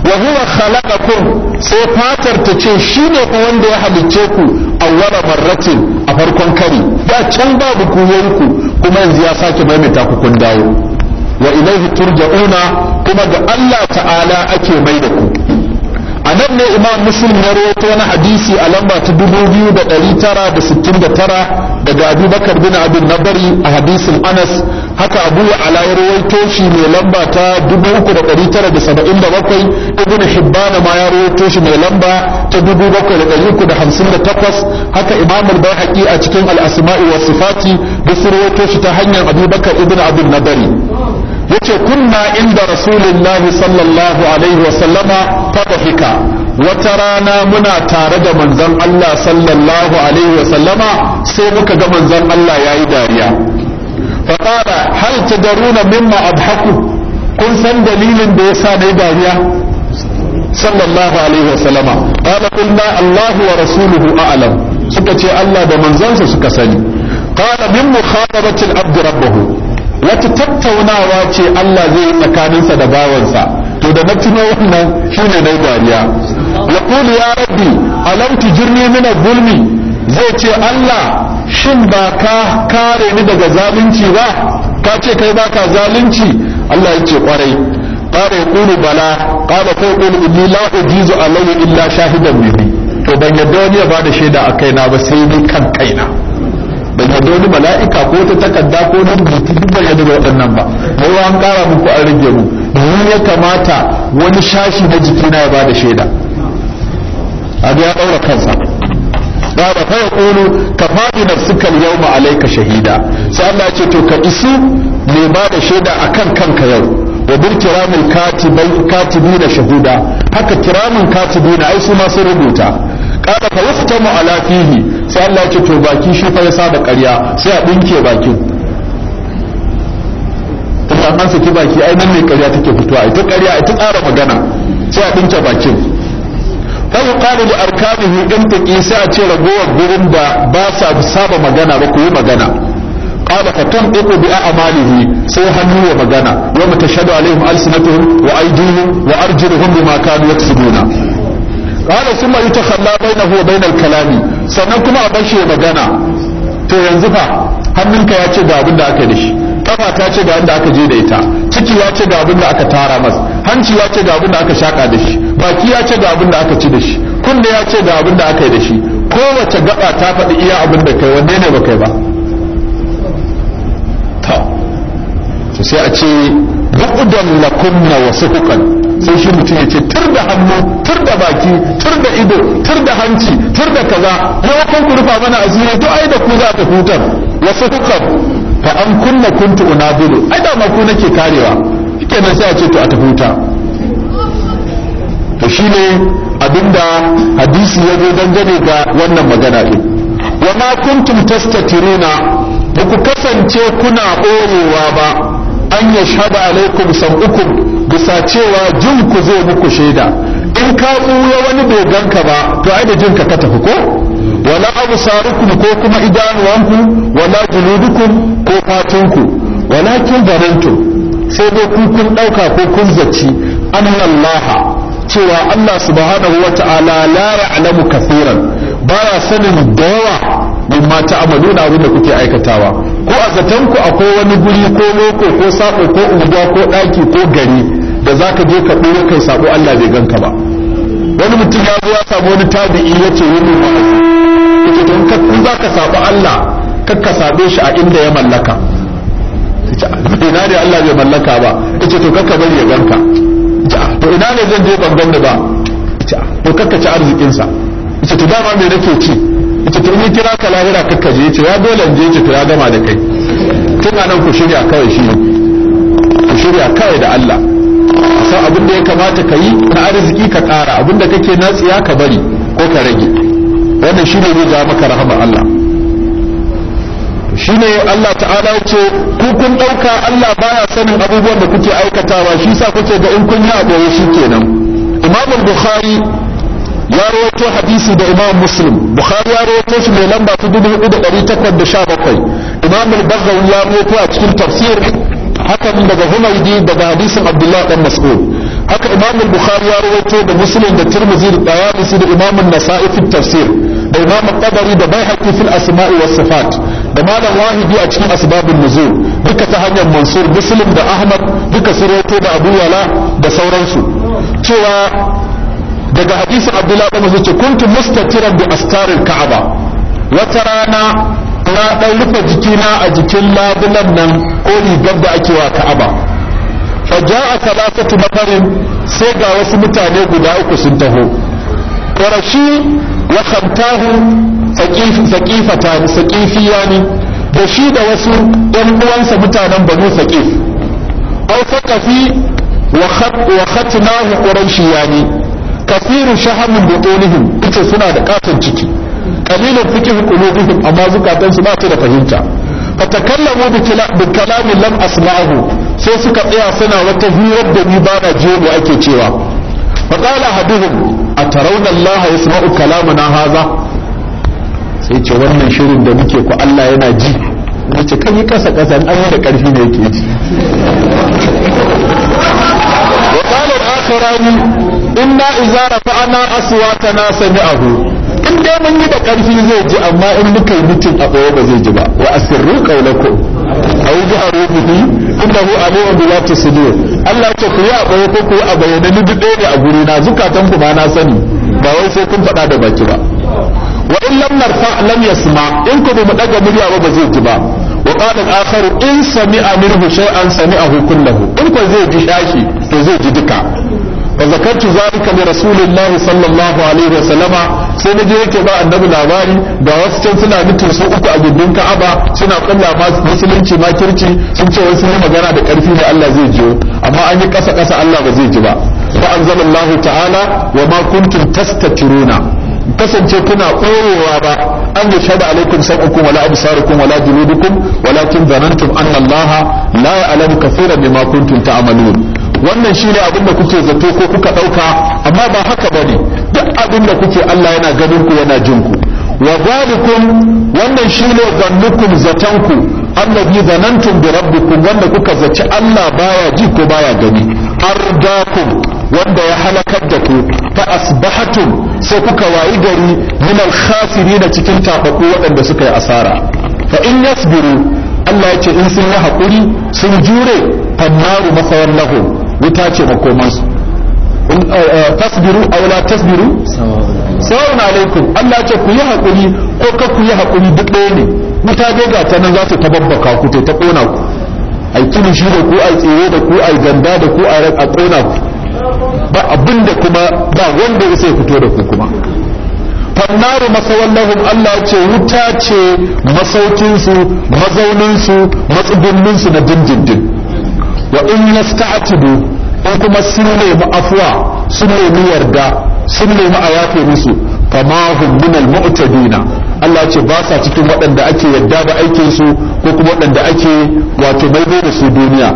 wa huwa khalaqakum sai fatar ta ce shi ne fa wanda ya halicce ku awwala marratin a farkon kari da can babu ku kuma yanzu ya sake maimaita ku kun dawo wa ilaihi turja'una kuma ga Allah ta'ala ake mai da ku a nan ne imam muslim ya rawaito wani hadisi a lamba ta dubu biyu da da da tara sittin tara daga abu bakar bin abin nabari a hadisin anas haka abu ala ya rawaito shi mai lamba ta dubu uku da da da tara saba'in bakwai ibn hibbana ma ya rawaito shi mai lamba ta dubu da da hamsin takwas haka imam al-bayhaqi a cikin al-asma'i was sifati da su rawaito shi ta hanyar abu bakar ibn abin nabari yace kunna inda rasulullahi sallallahu alaihi wa sallama fadhika wata rana muna tare da manzon Allah sallallahu alaihi wa sallama sai muka ga manzon Allah yayi dariya fa qala hal tadaruna mimma adhaku kun san dalilin da yasa nayi dariya sallallahu alaihi wa sallama qala kunna Allahu wa rasuluhu a'lam suka ce Allah da manzansa suka sani qala min mukhatabati al-abd rabbahu wata tattaunawa ce Allah zai yi tsakaninsa da bawansa to da na wannan shine na dariya ya kulu ya rabbi alam tujirni min zulmi zai ce Allah shin ba ka kare ni daga zalunci ba ka ce kai baka zalunci Allah ya ce kwarai kare yaqulu bala qala fa qul inni la ujizu alayhi illa shahidan bihi to ban yadda wani ya bada shaida a kaina ba sai ni kan kaina ban yadda wani mala'ika ko ta takarda ko na rubutu duk ban yadda waɗannan ba mai wa an ƙara muku an rage mu ni ya kamata wani shashi na jiki na ya bada shaida a ya ɗaura kansa da ba fa yaqulu ka fadi nafsuka al-yawma alayka shahida sai Allah ce to ka isu ne ba da shaida kan kanka yau wa bir kati katibai da shahuda haka kiramin katibina ai su ma sun rubuta qala fa yuftamu ala fihi sai Allah ya ce to baki shi fa ya saba ƙarya sai a dinke bakin ta an saki baki ai nan ne ƙarya take fitowa ita ƙarya ita tsara magana sai a dinke bakin fa yuqalu li arkanihi intaqi sai a ce ragowar gurin da ba sa saba magana ba ku yi magana قال فتنطق بأعماله سيهنوا ومغانا يوم تشهد عليهم ألسنتهم وأيديهم وأرجلهم بما كانوا يكسبون قال ثم يتخلى بينه وبين الكلام kalami sannan kuma a bashi magana to yanzu fa hannunka ya ce ga abin da aka da shi kafa ta ce ga inda aka je da ita ciki ya ce ga abin aka tara masa hanci ya ce ga abin aka shaka da shi baki ya ce ga abin aka ci da shi kunne ya ce ga abin aka yi da shi kowace gaba ta faɗi iya abin kai wanne ne ba kai ba sai a ce bu'udan lakunna wasu hukan sai shi mutum ya ce tur da hannu tur da baki tur da ido tur da hanci tur da kaza maimakon ku rufa mana a zuwa to ai da ku za ta hutar wasu hukan fa an kunna kuntu unabilu ai da ma ku nake karewa nan sai a ce to a ta huta to shine abinda hadisi ya zo dangane ga wannan magana din wa ma kuntum tastatiruna ba ku kasance kuna ɓorewa ba an ya shaɗa alaikum uku bisa cewa jin ku zai muku shaida in ka ɓuya wani bai ganka ba to ai da jinka ka tafi ko wala absarukum ko kuma idanuwanku wala juludukum ko fatunku walakin barantum sai dai kun kun ɗauka ko kun zaci an allah cewa Allah subhanahu wataala la ya'lamu kathiran baya sanin da yawa mimma ta'maluna abin da kuke aikatawa Ko a zatanku akwai wani guri ko loko ko sako ko unguwa ko ɗaki ko gari da za ka je ka ɓoye kai sako Allah bai ganka ba wani mutum ya zo ya samu wani tabi'i ya ce wani ma'azi ya ce don kakkun za ka saɓi Allah kakka saɓe shi a inda ya mallaka ina ne Allah bai mallaka ba ya ce to kakka bari ya ganka ah, to ina ne zan je ban ganni ba ah, to kakka ci arzikinsa ya ce to dama me nake ci ce turmi kira ka lahira kakka je ce ya dole je ce ya gama da kai tun nan ku shirya kawai shi ku shirya kawai da Allah san abin da ya kamata ka yi na arziki ka kara abin da kake natsiya ka bari ko ka rage wannan ne zai ja maka rahama Allah shi ne Allah ta'ala ya ce ku kun ɗauka Allah baya sanin abubuwan da kuke aikatawa shi sa kuke ga in kun yi abu shi kenan Imam Bukhari ya rawaito hadisi da imam muslim bukhari ya rawaito shi mai lamba ta dubu hudu da dari takwas da sha bakwai imam al ya rawaito a cikin tafsir hakan daga humaydi daga hadisin Abdullahi dan mas'ud haka imam al-bukhari ya rawaito da muslim da tirmidhi da su da imam an-nasa'i fi tafsir da imam al da baihaqi fil asma'i was sifat da malam wahidi a cikin asbabun nuzul duka ta hanyar mansur muslim da ahmad duka su rawaito da abu yala da sauransu cewa daga hadisin abdullahi ɗan masu ce kuntu mustatiran bi astarin ka'aba wata rana na ɗan rufe jikina a jikin labulan nan ko rigar da ake wa ka'aba fa ja'a salasatu nafarin sai ga wasu mutane guda uku sun taho qurashi wa khamtahu saqifatan saqifiyani da shi da wasu ɗan uwansa mutanen banu saqif aw saqafi wa khatnahu qurashiyani kasiru buɗe butunihim ita suna da katon ciki kalilin fikin qulubihim amma zukatan su ba su da fahimta fatakallamu bi kalamin lam asma'ahu sai suka tsaya suna wata hirar da ni bana jiyo me ake cewa faqala haduhum atarawna Allah yasma'u kalamana haza sai ce wannan shirin da muke ku Allah yana ji nace kan yi kasa kasa an da karfi ne yake ji wa qala al-akhirani inna iza rafa'na aswatana sami'ahu in dai mun yi da karfi zai ji amma in muka yi mutum a koyo ba zai ji ba wa asirru qaulakum aw bi arubihi innahu alim bi zati sudur Allah ya ce ku yi a koyo ko ku yi a bayyana ni duk ne a guri na zukatan ku ma na sani ba wai sai kun faɗa da baki ba wa in lam narfa lam yasma in ku mu daga murya ba zai ji ba wa qala al-akhar in sami'a minhu shay'an sami'ahu kullahu in ku zai ji shaki to zai ji duka fa zakartu zalika li rasulillah sallallahu alaihi wasallama sai na je yake ba annabi labari da wasu can suna mutu su uku a gindin Ka'aba suna kulla musulunci ma kirki. sun ce wasu ne magana da karfi ne Allah zai jiyo amma an yi kasa kasa Allah ba zai ji ba fa anzalallahu ta'ala wa ma kuntum tastatiruna kasance kuna koyewa ba an yi shaɗa alaikum sab'ukum wala absarukum wala juludukum walakin zanantum anna Allah alamu ya'lamu ne bima ta ta'malun wannan shine abin da kuke zato ko kuka ɗauka amma ba haka ba ne duk abin kuke Allah yana ganin ku yana jin ku wa zalikum wannan shine zannukum zatanku annabi zanantum bi rabbikum wanda kuka zaci Allah baya ji ko baya gani ardakum wanda ya halakar da ku fa asbahatum sai kuka wayi gari min al-khasirin cikin tafaku waɗanda suka yi asara fa in yasbiru Allah ya ce in sun yi haƙuri sun jure fannaru masawan wuta ce makomansu eh, eh, tasbiru aw la tasbiru na alaikum Allah ce ku yi hakuri ko ka ku yi hakuri duk ɗaya ne wuta dai ga ta nan za ta tababbaka ku ta ƙona ku ai kilishi da ku yi tsere da ku yi ganda da ku a ƙona ku ba da kuma ba wanda ya sai fito da ku kuma fannaru masawallahum Allah ce wuta ce masaukinsu mazauninsu matsugunninsu na dindindin wa in yasta'tidu in kuma sun nemi afwa sun nemi yarda sun nemi a yafe musu fama hum min al-mu'tadina Allah ce ba sa cikin waɗanda ake yarda da aikin su ko kuma waɗanda ake wato maido da su duniya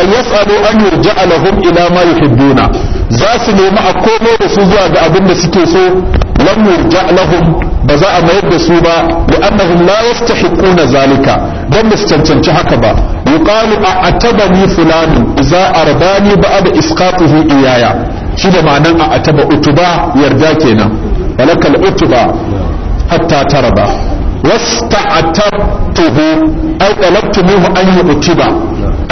an yasalu an yurja'a lahum ila ma yuhibbuna za su nemi a komo da su zuwa ga abin da suke so lam yurja lahum ba za a mayar da su ba li annahum la yastahiquna zalika dan ba su cancanci haka ba yuqalu a'tabani fulanun za arbani ba'da isqatuhu iyaya shi da ma'anan a'taba utuba yarda kenan walakal utuba hatta taraba wasta'atabtuhu ai qalabtumuhu an yu'tiba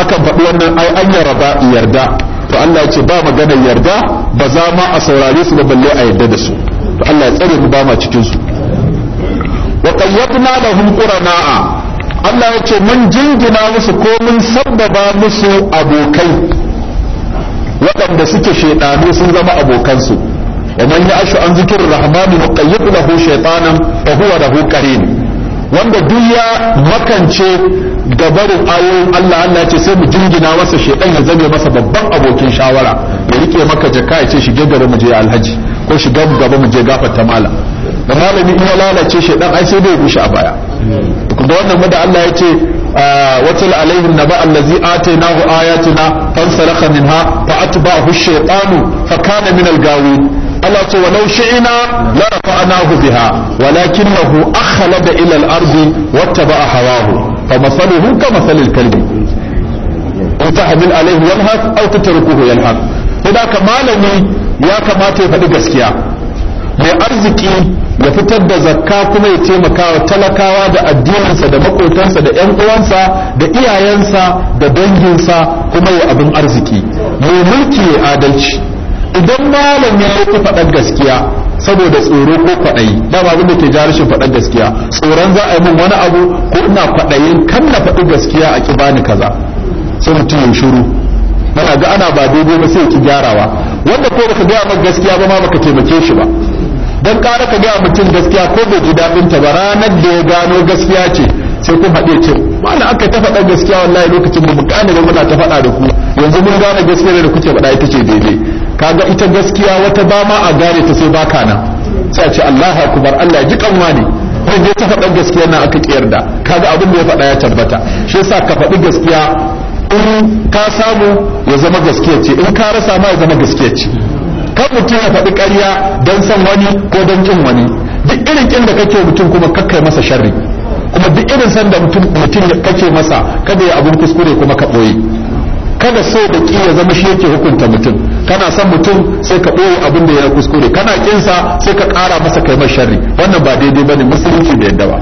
akan faɗi wannan ai an yarda yarda to Allah ce ba maganar yarda ba za ma a saurare su ba balle a yarda da su to Allah ya tsare mu ba ma cikin su wa da lahum qurana'a Allah ya ce mun jingina musu ko mun sabbaba musu abokai waɗanda suke shaidanu sun zama abokansu wa man ya'ashu an zikirin rahmani nuqayyid lahu shaytanan fa huwa lahu qarin wanda duk ya makance gabarin ayoyin Allah Allah ya ce sai mu jingina masa shaidan ya zame masa babban abokin shawara ya rike maka jaka ya ce shige gaba mu je alhaji ko shige gaba mu je gafarta malam da malami in ya lalace shi dan ai sai ya gushi a baya ku ga wannan da Allah ya ce ah, watil alaihim naba allazi atainahu ayatina fansalakha minha fa atba'ahu ash-shaytanu fa kana min al-gawin Allah ce walau shi'ina la rafa'nahu biha walakinahu akhlada ila al-ardi wattaba'a hawahu fa masaluhu ka masalil kalbi in tahmil alaihi yanhaq aw tatrukuhu yanhaq sai ka malami ya kamata ya faɗi gaskiya mai arziki ya fitar da zakka kuma ya taimaka wa talakawa da addininsa da makotansa da yan uwansa da iyayensa da danginsa kuma ya abin arziki mai mulki ya adalci idan malam ya yi faɗar gaskiya saboda tsoro ko kwaɗayi dama ba da ke ja rashin faɗar gaskiya tsoron za a yi min wani abu ko ina kwaɗayin kan na faɗi gaskiya a kibani kaza sai mutum ya shiru mana ga ana ba daidai ba sai ki gyarawa wanda ko baka gaya gaskiya ba ma baka taimake shi ba don kara ka gaya mutum gaskiya ko bai ji daɗin ta ba ranar da ya gano gaskiya ce sai kun haɗe ce mana aka ta faɗa gaskiya wallahi lokacin da mu gane ba muna ta faɗa da ku yanzu mun gane gaskiya da kuke faɗa ita ce daidai ga ita gaskiya wata ba ma a gane ta sai baka na sai a ce Allahu akbar Allah ji kanwa ne wanda je ta faɗa gaskiya na aka kiyar kiyarda kaga abin da ya faɗa ya tabbata shi yasa ka faɗi gaskiya in ka samu ya zama gaskiya ce in ka rasa ma ya zama gaskiya ce kan mutum ya faɗi ƙarya don san wani ko don cin wani duk irin kin da kake mutum kuma kakkai masa sharri kuma duk irin san da mutum mutum kake masa kada ya abun kuskure kuma ka boye kada so da ki ya zama shi yake hukunta mutum kana son mutum sai ka ɓoye abin da ya kuskure kana kinsa sai ka ƙara masa kai masa sharri wannan ba daidai bane musulunci da yadda ba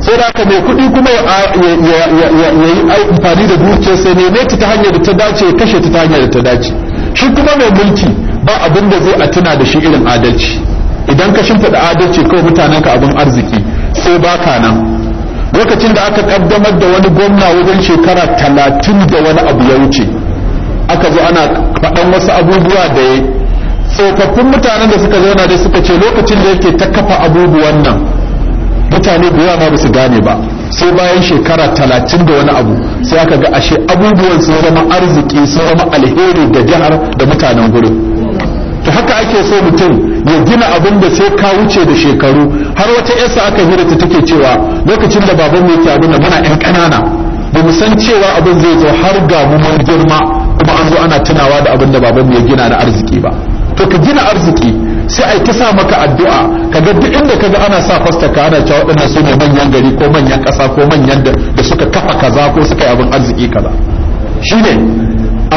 sai da aka mai kuɗi kuma ya yi amfani da dukiyar sai ne ta hanyar da ta dace ya kashe ta hanyar da ta dace shi kuma mai mulki ba abin da zai a tuna da shi irin adalci idan ka shimfiɗa adalci kawai mutanen ka abin arziki sai baka nan lokacin da aka kaddamar da wani gwamna wajen shekara talatin da wani abu ya wuce aka zo ana faɗan wasu abubuwa da ya tsofaffin mutanen da suka zauna dai suka ce lokacin da yake ta kafa abubuwan nan mutane da yawa ba su gane ba sai bayan shekara talatin da wani abu sai aka ga ashe abubuwan sun zama arziki sun zama alheri da jihar da mutanen gurin ta haka ake so mutum ya gina abin da sai ka wuce da shekaru har wata yasa aka ta take cewa lokacin da baban mu yake abin da muna yan ƙanana ba mu san cewa abin zai zo har ga mu mun girma kuma an zo ana tunawa da abin da baban mu ya gina na arziki ba to ka gina arziki sai a ta sa maka addu'a kaga duk inda kaga ana sa fasta ka ana cewa dana su ne manyan gari ko manyan kasa ko manyan da suka kafa kaza ko suka yi abin arziki kaza shine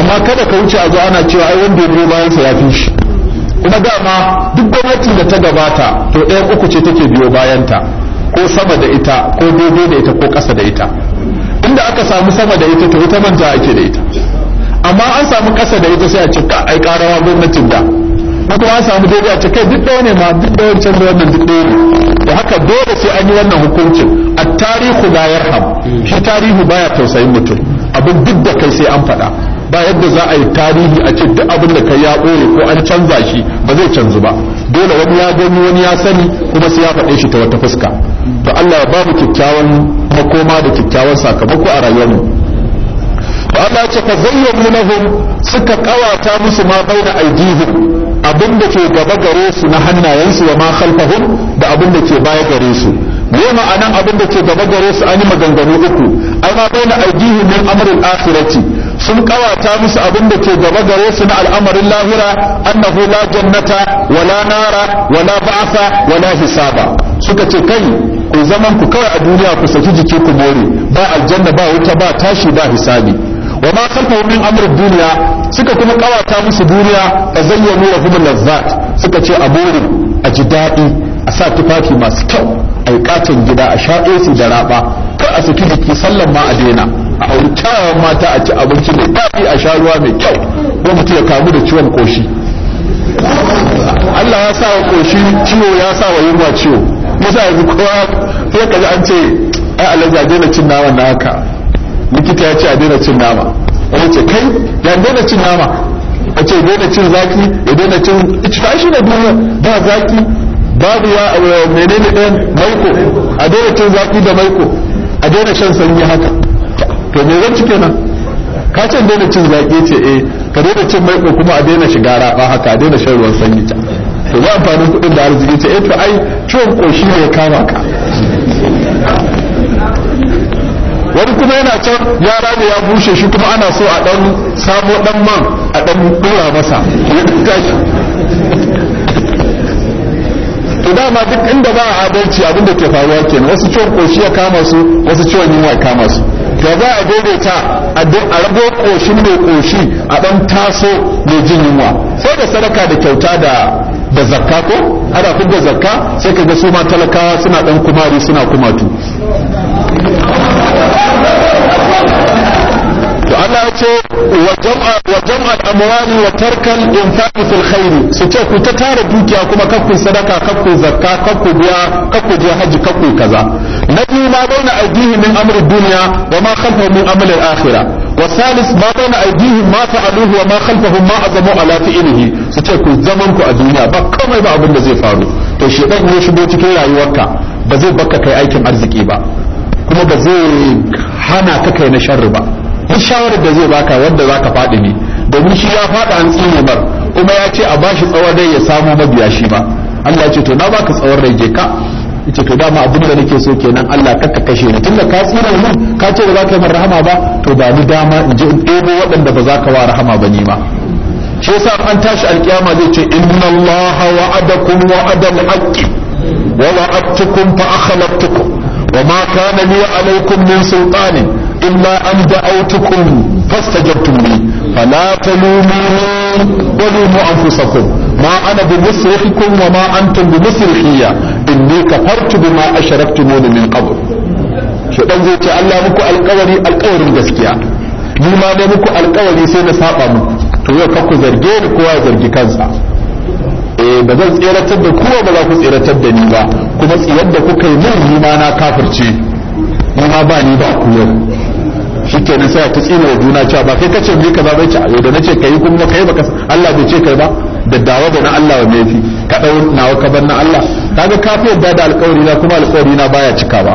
amma kada ka wuce a zo ana cewa ai wanda ya bayan sa ya fi shi kuma dama duk gwamnati da ta gabata to ɗayan uku ce take biyo bayanta ko sama da ita ko dogo da ita ko ƙasa da ita inda aka samu sama da ita to ita manja ake da ita amma an samu ƙasa da ita sai a ce ai ƙarawa gwamnatin da ko kuma samu daidai a cikin duk ɗaya ne ma duk da wancan da wannan duk ɗaya ne da haka dole sai an yi wannan hukuncin a tarihu la yarham shi tarihu baya tausayin mutum abin duk da kai sai an faɗa ba yadda za a yi tarihi a ce duk abin da kai ya ɓoye ko an canza shi ba zai canzu ba dole wani ya gani wani ya sani kuma sai ya faɗe shi ta wata fuska to Allah ya babu kyakkyawan makoma da kyakkyawan sakamako a rayuwarmu to Allah ya ce fa zayyana lahum suka kawata musu ma bayna aidihim abin da ke gaba gare su na hannayensu ya ma khalfahum da abin da ke baya gare su me ma'anan abin da ke gaba gare su an yi maganganu uku ai ma baina aidihi min amrul akhirati sun kawata musu abin da ke gaba gare su na al'amarin lahira annahu la jannata wala nara wala ba'sa wala hisaba suka ce kai ku zaman ku kawai a duniya ku saki jiki ku more ba aljanna ba wuta ba tashi ba hisabi wa ma khalfa min amr dunya suka kuma kawata musu duniya yi zayyanu kuma lazzat suka ce a buri a ji daɗi a sa tufafi masu kyau a yi katin gida a sha su da raba kar a saki jiki sallan ma a daina a auri kyawawan mata a ci abinci mai dadi a sha ruwa mai kyau ko mutum ya kamu da ciwon koshi Allah ya sa wa koshi ciwo ya sa wa yunwa ciwo musa yanzu kowa sai ka ji an ce ai alaji a daina cin naman na haka likita ya ce a daina cin nama a ce kai ya daina cin nama a ce daina cin zaki ya daina cin ita na duniya ba zaki babu ya eh, menene ɗan maiko a daina cin zaki da maiko a daina shan sanyi haka to me zan cike nan ka ce daina cin zaki ce eh ka daina cin maiko kuma a daina shiga raba haka a daina shan ruwan sanyi ta to ba amfanin kuɗin da arziki ce eh to ai ciwon koshi ne ya kama ka wani kuma yana can ya rame ya bushe shi kuma ana so a dan samo dan man a dan dora masa to dama duk inda ba a adalci abinda ke faruwa kenan wasu ciwon koshi ya kama su wasu ciwon yunwa ya kama su to za a ta a rago koshin mai koshi a dan taso mai jin yunwa sai da sadaka da kyauta da da zakka ko ana fidda zakka sai ka ga su ma talakawa suna dan kumari suna kumatu to Allah ya ce wa jam'a wa jam'a amwali wa tarkal infaqi fil khairi su ce ku ta tara dukiya kuma kakku sadaka kakku zakka kakku biya kakku je haji kakku kaza na biyu ma baina aidihi min amri dunya wa ma khalfahu min amri al-akhirah wa salis ma baina aidihi ma fa'aluhu wa ma khalfahu ma azamu ala fi'lihi su ce ku zaman ku a duniya ba komai ba abin da zai faru to shedan ya shigo cikin rayuwarka ba zai baka kai aikin arziki ba kuma ba zai hana ka kai na sharri ba duk shawarar da zai baka wanda zaka faɗi ne domin shi ya faɗa an tsine bar kuma ya ce a bashi tsawon rai ya samu mabiya shi ba Allah ce to na baka tsawon rai je ka yace to dama abin da nake so kenan Allah ka kashe ni tunda ka tsira mun ka ce ba za ka yi rahama ba to ba ni dama in je in ɗebo waɗanda ba za ka wa rahama ba ni ba. shi yasa an tashi alƙiyama zai ce inna Allah wa'adakum wa'adal haqqi wa wa'adtukum fa akhlaqtukum وما كان لي عليكم من سلطان إلا أن دعوتكم فاستجبتم لي فلا تلوموني ولوموا أنفسكم ما أنا بمصرخكم وما أنتم بمصرخية إني كفرت بما أشركتموني من قبل شيطان زي الله مكو القوري القوري gaskiya ni ma dai muku alkawari sai na saba mu to yau ku zarge ni kowa zargi kansa E ba zan tseratar da kowa ba za ku tseratar da ni ba kuma tsiyar da kuka yi min ni ma na kafirce ni ma ba ni ba ku yau nan sai ta tsina da juna cewa ba kai kace me kaza bai ce ayo da nace kai kuma kai baka Allah bai ce kai ba da dawa da na Allah wa mefi ka dau nawa ka bar na Allah kaga kafi yadda da alƙawari na kuma alƙawari na baya cikawa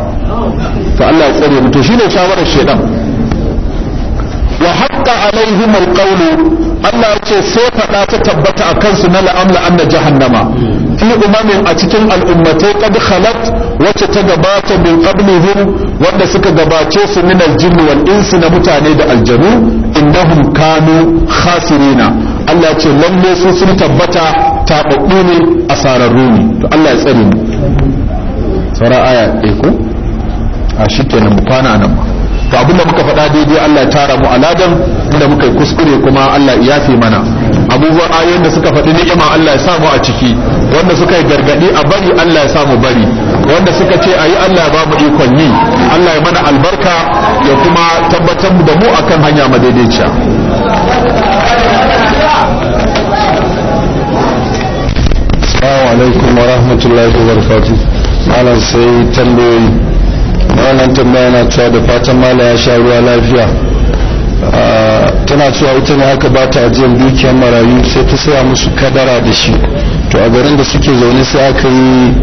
to Allah ya tsare mu to shine shawarar shedan wa haƙa alaihim alƙaunu Allah ya ce sai faɗa ta tabbata a kansu na la'amla anna jahannama fi umamin a cikin al'ummatai qad khalat wacce ta gabata min qablihim wanda suka gabace su min aljinn wal insi na mutane da aljanu innahum kanu khasirina Allah ce lalle su sun tabbata tababbu ne sararru ne to Allah ya tsare mu sura aya ɗaya ko a shikenan mu kwana nan ma to da muka faɗa daidai Allah ya tara mu aladan inda muka yi kuskure kuma Allah ya yafe mana abubuwan ayoyin da suka faɗi ni'ima Allah ya samu a ciki wanda suka yi gargadi a bari Allah ya samu bari wanda suka ce ayi Allah ya bamu ikon yi Allah ya mana albarka ya kuma tabbatar da mu akan hanya madaidaiciya Assalamu alaikum wa rahmatullahi wa barakatuh. Malam sai tambayoyi wannan tambaya na cewa da fatan mala ya sha ruwa lafiya ah, tana cewa ita ne aka ba ta ajiyar dukiyar marayu sai ta saya musu kadara da shi to a garin da suke zaune sai aka yi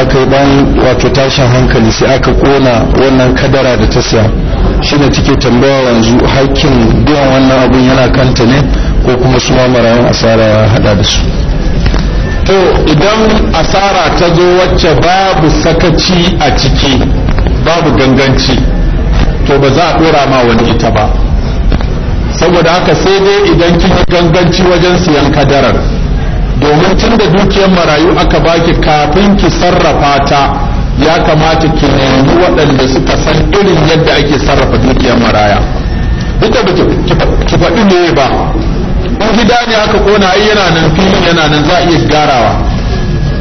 aka yi ban wato tashin hankali sai aka kona wannan kadara da ta saya shi ne take tambaya yanzu hakkin biyan wannan abun yana kanta ne ko kuma su ma marayun asara ya hada da su to idan asara ta zo wacce babu sakaci a ciki babu ganganci to ba za a ɗora ma wani ita ba saboda haka sai dai idan kika ganganci wajen siyan kadarar domin tun da dukiyar marayu aka baki kafin ki sarrafa ta ya kamata ki nemi waɗanda suka san irin yadda ake sarrafa dukiyar maraya duka ba ki faɗi ne ba in gida ne aka kona ai yana nan filin yana nan za a iya gyarawa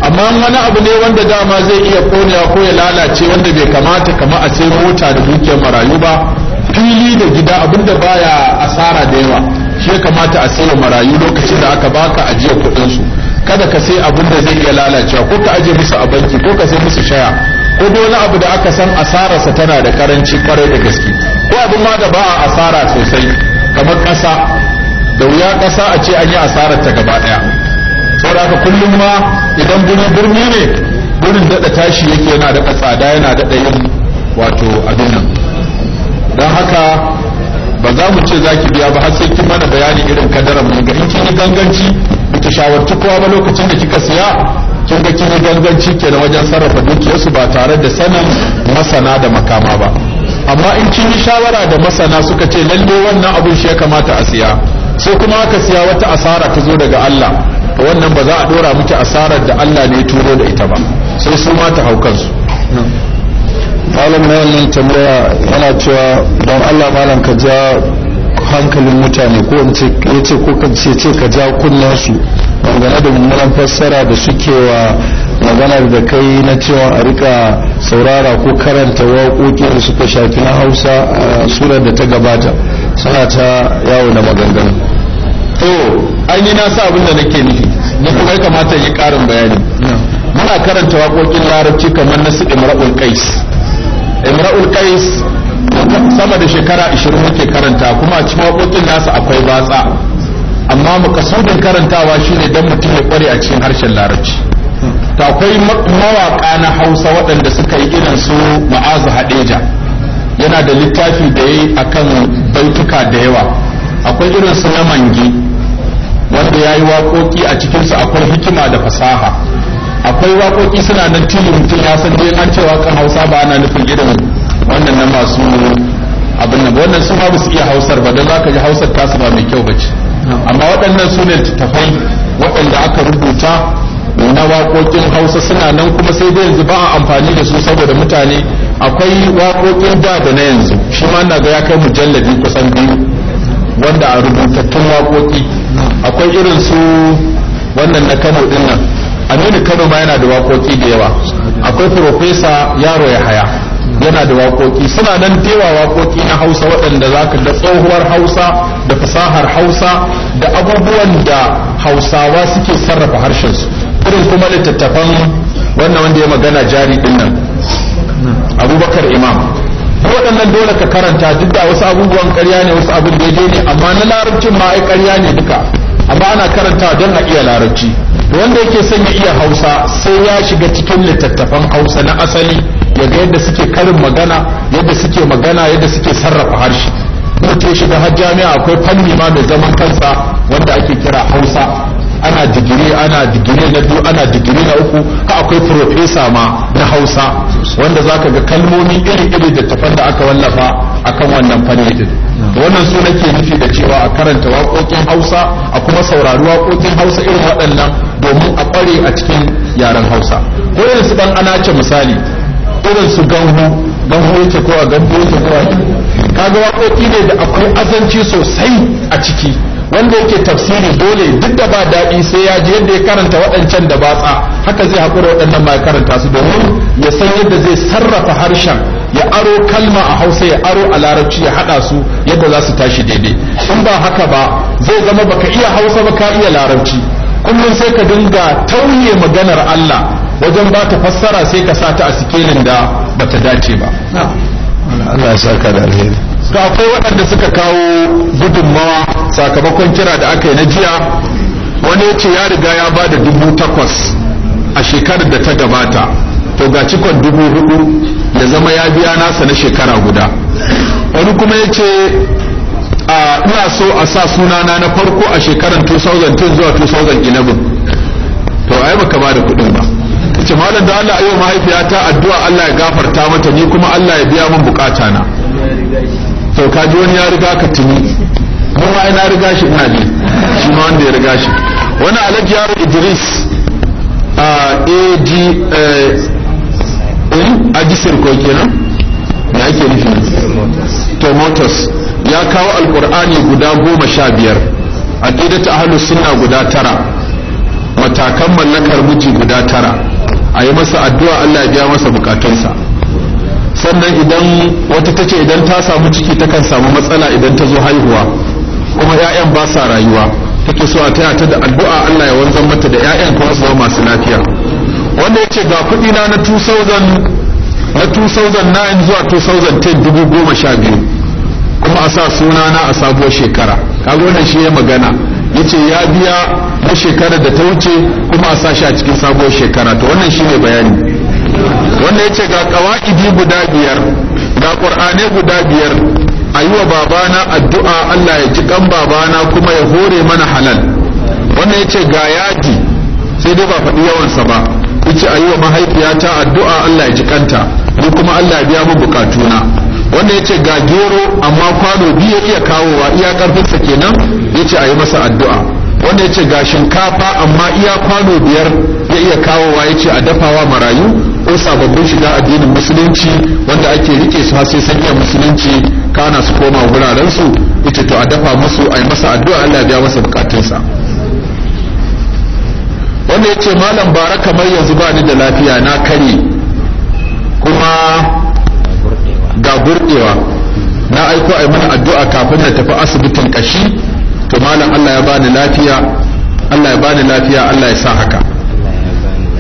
amma wani abu ne wanda dama zai iya konewa ko ya lalace wanda bai kamata kama a sai mota da dukiyar marayu ba fili da gida abinda baya asara da yawa shi ya kamata a sai marayu lokacin da aka baka ajiyar kuɗin su kada ka sai abin da zai iya lalacewa ko ka aje musu a banki ko ka sai musu shaya ko da wani abu da aka san sa tana da karanci kwarai da gaske ko abin ma da ba a asara sosai kamar ƙasa da wuya ƙasa a ce an yi asarar ta gaba ɗaya saboda haka kullum ma idan guri birni ne gurin daɗa tashi yake yana daɗa tsada yana daɗa yin wato abin nan don haka ba za mu ce za ki biya ba har sai kin mana bayani irin kadarar mu ga kin yi ganganci ki shawarci kowa ba lokacin da kika siya kin ga kin yi ganganci kenan wajen sarrafa dukiyarsu ba tare da sanin masana da makama ba amma in kin yi shawara da masana suka ce lalle wannan abun shi ya kamata a siya sai kuma aka siya wata asara ta zo daga Allah wannan ba za a dora miki asarar da Allah ne turo da ita ba sai su ma ta hau kansu malam na wannan tambaya yana cewa don Allah malam ka ja hankalin mutane ko in ce yace ko kan ce ce ka ja kunnen su dangane da mummunan fassara da suke wa maganar da kai na cewa a rika saurara ko karanta waƙoƙi da suka shafi na hausa a surar da ta gabata suna ta yawo na maganganu to an yi na sa abin da nake nufi da kuma ya kamata yi karin bayani muna karanta waƙoƙin larabci kamar na su imra'ul qais imra'ul qais sama da shekara 20 muke karanta kuma a cikin waƙoƙin nasa akwai batsa amma makasudin karantawa shine dan mutum ya kware a cikin harshen larabci ta akwai mawaƙa na hausa waɗanda suka yi irin su ma'azu hadeja yana da littafi da ya yi akan baituka da yawa akwai irin su na mangi wanda ya yi waƙoƙi a cikinsu akwai hikima da fasaha akwai waƙoƙi suna nan tilo mutum ya san dai an ce kan hausa ba ana nufin irin wannan na masu abin nan wannan su ba su iya hausar ba don za ka ji hausar tasu ba mai kyau ba ce amma waɗannan su ne tafai waɗanda aka rubuta na waƙoƙin hausa suna nan kuma sai dai yanzu ba a amfani da su saboda mutane akwai waƙoƙin da da na yanzu shi ma na ga ya kai mujalladi kusan biyu wanda a rubutattun waƙoƙi akwai irin su wannan na kano din nan aminu kano ma yana da wakoki da yawa akwai profesa yaro ya haya yana da waƙoƙi suna nan tewa waƙoƙi na hausa waɗanda za ka da tsohuwar hausa da fasahar hausa da abubuwan da hausawa suke sarrafa harshensu irin kuma littattafan wannan wanda ya magana jari din nan abubakar imam waɗannan dole ka karanta duk da wasu abubuwan karya ne wasu abin daidai ne amma na larabcin ma ai ƙarya ne duka amma ana karanta don a iya larabci da wanda yake son ya iya hausa sai ya shiga cikin littattafan hausa na asali ga yadda suke karin magana yadda suke magana yadda suke sarrafa harshe mutum shiga har jami'a akwai fanni ma mai zaman kansa wanda ake kira hausa ana digiri ana digiri na biyu ana digiri na uku ka akwai profesa ma na hausa wanda za ka ga kalmomi iri-iri da tafan da aka wallafa akan wannan fannin wannan suna ke nufi da cewa a karanta waƙoƙin hausa a kuma saurari waƙoƙin hausa irin waɗannan domin a ƙware a cikin yaren hausa ko yin su ɗan anace misali irin su ganhu ganhu yake ko a ganhu yake ko a kaga waƙoƙi ne da akwai azanci sosai a ciki wanda yake tafsiri dole duk da ba daɗi sai ya ji yadda ya karanta waɗancan da batsa haka zai haƙura waɗannan ma ya karanta su domin ya san yadda zai sarrafa harshen ya aro kalma a hausa ya aro a larabci ya haɗa su yadda za su tashi daidai in ba haka ba zai zama baka iya hausa ba ka iya larabci kullum sai ka dinga tauye maganar Allah wajen ba ta fassara sai ka sa ta a sikelin da bata dace ba. Allah ya saka da alheri to akwai waɗanda suka kawo gudunmawa sakamakon kira da aka yi na jiya wani ya ce ya riga ya ba da dubu takwas a shekarar da ta gabata to ga cikon dubu hudu ya zama ya biya nasa na shekara guda wani kuma ya ce ina so a sa sunana na farko a shekarar 2010 zuwa 2011 to ai baka ba da kuɗin ba ce malam da Allah ayyau mahaifiyata addu'a Allah ya gafarta mata ni kuma Allah ya biya min bukata na to ka ji wani ya riga ka tuni mun ma ina riga shi ina ji shi ma wanda ya riga shi wani alhaji yaro Idris a AG eh aji sirko kenan me ake nufi to motors ya kawo alqur'ani guda goma sha biyar aqidatu ahlus sunna guda tara matakan mallakar miji guda tara a yi masa addu'a Allah ya biya masa bukatunsa sannan idan wata ta ce idan ta samu ciki ta kan samu matsala idan ta zo haihuwa kuma 'ya'yan ba sa rayuwa take so a taya ta da addu'a Allah ya wanzan mata da 'ya'yan kuma su zama masu lafiya wanda ya ce ga kuɗi na na 2000 na 2009 zuwa 2010 dubu goma sha biyu kuma a sa sunana a sabuwar shekara kaga wannan shi ya magana yace ya biya na shekarar da ta wuce kuma a sashi a cikin sabuwar shekara to wannan shine bayani wanda yace ga kawaidi guda biyar ga qur'ane guda biyar a yi babana addu'a Allah ya ji kan babana kuma ya hore mana halal wannan yace ga yaji sai dai ba faɗi yawansa ba yace a yi wa mahaifiyata addu'a Allah ya ji kanta ni kuma Allah ya biya mu bukatuna wanda yace ga gero amma kwano biyu ya iya kawowa iya karfinsa kenan yace a yi masa addu'a wanda yace ga shinkafa amma iya kwano biyar ya iya kawowa yace a dafawa marayu ko sababbin shiga addinin musulunci wanda ake rike su har sai sanya musulunci kana su koma wuraren su yace to a dafa musu a yi masa addu'a Allah ya biya masa bukatunsa wanda yace malam bara kamar yanzu ba ni da lafiya na kare kuma na burɗewa na aiko a mana addu'a kafin na tafi asibitin kashi to malam Allah ya bani lafiya Allah ya bani lafiya Allah ya sa haka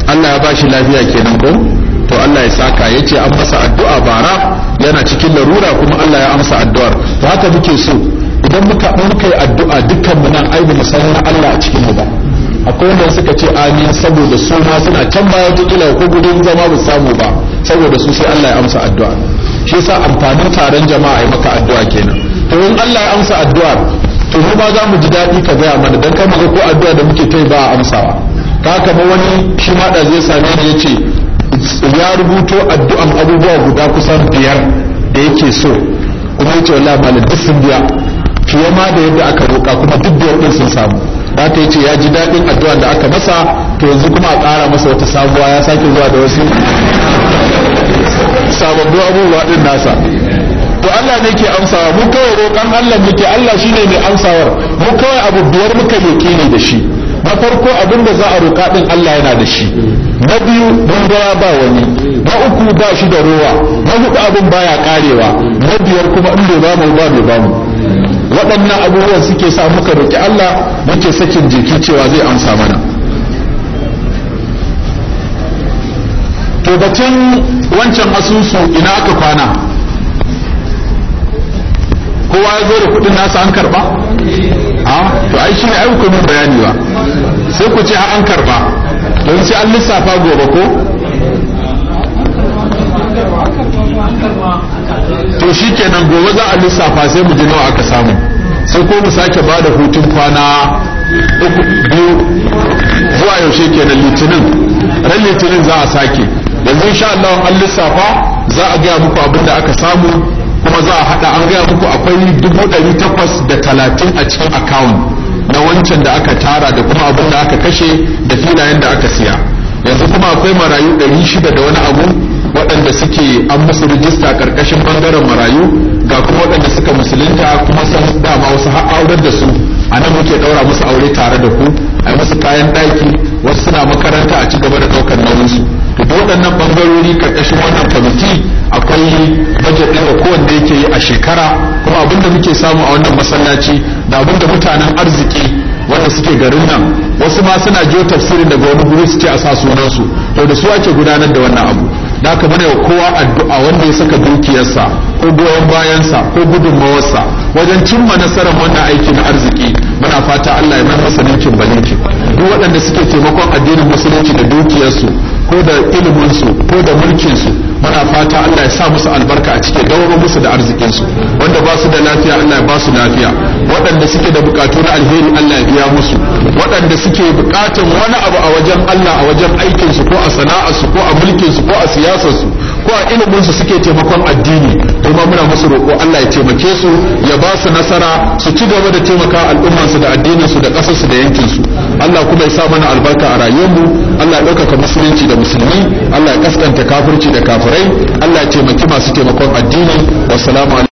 Allah ya bashi lafiya kenan ko to Allah ya saka yace an masa addu'a bara yana cikin larura kuma Allah ya amsa addu'ar to haka muke so idan muka muka yi addu'a dukkan mu nan ai mu san Allah a cikin mu ba akwai wanda suka ce amin saboda su ma suna can baya ta kila ko gudun zama ba samu ba saboda su sai Allah ya amsa addu'a shi yasa amfanin taron jama'a ai maka addu'a kenan to in Allah ya amsa addu'a to mu ba za mu ji daɗi ka gaya mana dan kai ga ko addu'a da muke kai ba a amsawa ka kamar wani shi ma da zai same ni yace ya rubuto addu'an abubuwa guda kusan biyar da yake so kuma yace wallahi malam duk sun biya fiye ma da yadda aka roka kuma duk biyar din sun samu za ta yace ya ji daɗin addu'an da aka masa to yanzu kuma a ƙara masa wata sabuwa ya sake zuwa da wasu sababbin abubuwa din nasa to Allah ne ke amsawa mu kawai roƙon Allah muke Allah shine mai amsawar mu kawai abu biyar muka yake ne da shi na farko abin da za a roƙa din Allah yana da shi na biyu dangara ba wani na uku ba shi da ruwa na hudu abin baya karewa na biyar kuma in bai bamu ba bai bamu waɗannan abubuwan suke sa muka roƙi Allah muke sakin jiki cewa zai amsa mana to batun wancan asusu ina aka kwana kowa ya zo da kudin nasa an karba a to ai ne ai ku min bayani ba sai ku ce an karba don sai an lissafa gobe ko to shi kenan gobe za a lissafa sai mu ji nawa aka samu sai ko mu sake ba da hutun kwana uku biyu zuwa yaushe kenan litinin ran litinin za a sake yanzu insha Allah an lissafa za a gaya muku abin da aka samu kuma za a hada an gaya muku akwai dubu ɗari takwas da talatin a cikin account na wancan da aka tara da kuma abin da aka kashe da filayen da aka siya yanzu kuma akwai marayu ɗari shida da wani abu waɗanda suke an musu rijista karkashin bangaren marayu ga kuma waɗanda suka musulunta kuma san dama wasu har da su a nan muke ɗaura musu aure tare da ku a musu kayan ɗaki wasu suna makaranta a ci gaba da ɗaukar nauyinsu da waɗannan bangarori karkashin wannan kwamiti akwai bajet ɗin da kowanne yake yi a shekara kuma abin da muke samu a wannan masallaci da abin da mutanen arziki wanda suke garin nan wasu ma suna jiyo tafsirin daga wani guri suke a sa sunansu to da su ake gudanar da wannan abu da aka mana wa kowa addu'a wanda ya saka dukiyarsa ko goyon bayansa ko gudunmawarsa wajen cimma nasarar wannan aiki na arziki muna fata Allah ya masa ninkin balinkin duk waɗanda suke taimakon addinin musulunci da dukiyarsu ko da iliminsu ko da mulkinsu muna fata Allah ya sa musu albarka a cike dauro musu da arzikinsu wanda ba su da lafiya Allah ya ba su lafiya waɗanda suke da bukatu na alheri Allah ya biya musu waɗanda suke bukatun wani abu a wajen Allah a wajen aikinsu ko a sana'arsu ko a mulkinsu ko a siyasarsu ko a ilimin suke taimakon addini kuma muna musu roƙo Allah ya taimake su ya ba su nasara su ci gaba da taimaka al'umman su da addinin su da ƙasar da yankinsu. Allah kuma ya sa mana albarka a rayuwar mu Allah ya ɗaukaka musulunci da musulmi Allah ya kaskanta kafirci da kafirai Allah ya taimaki masu taimakon addini wassalamu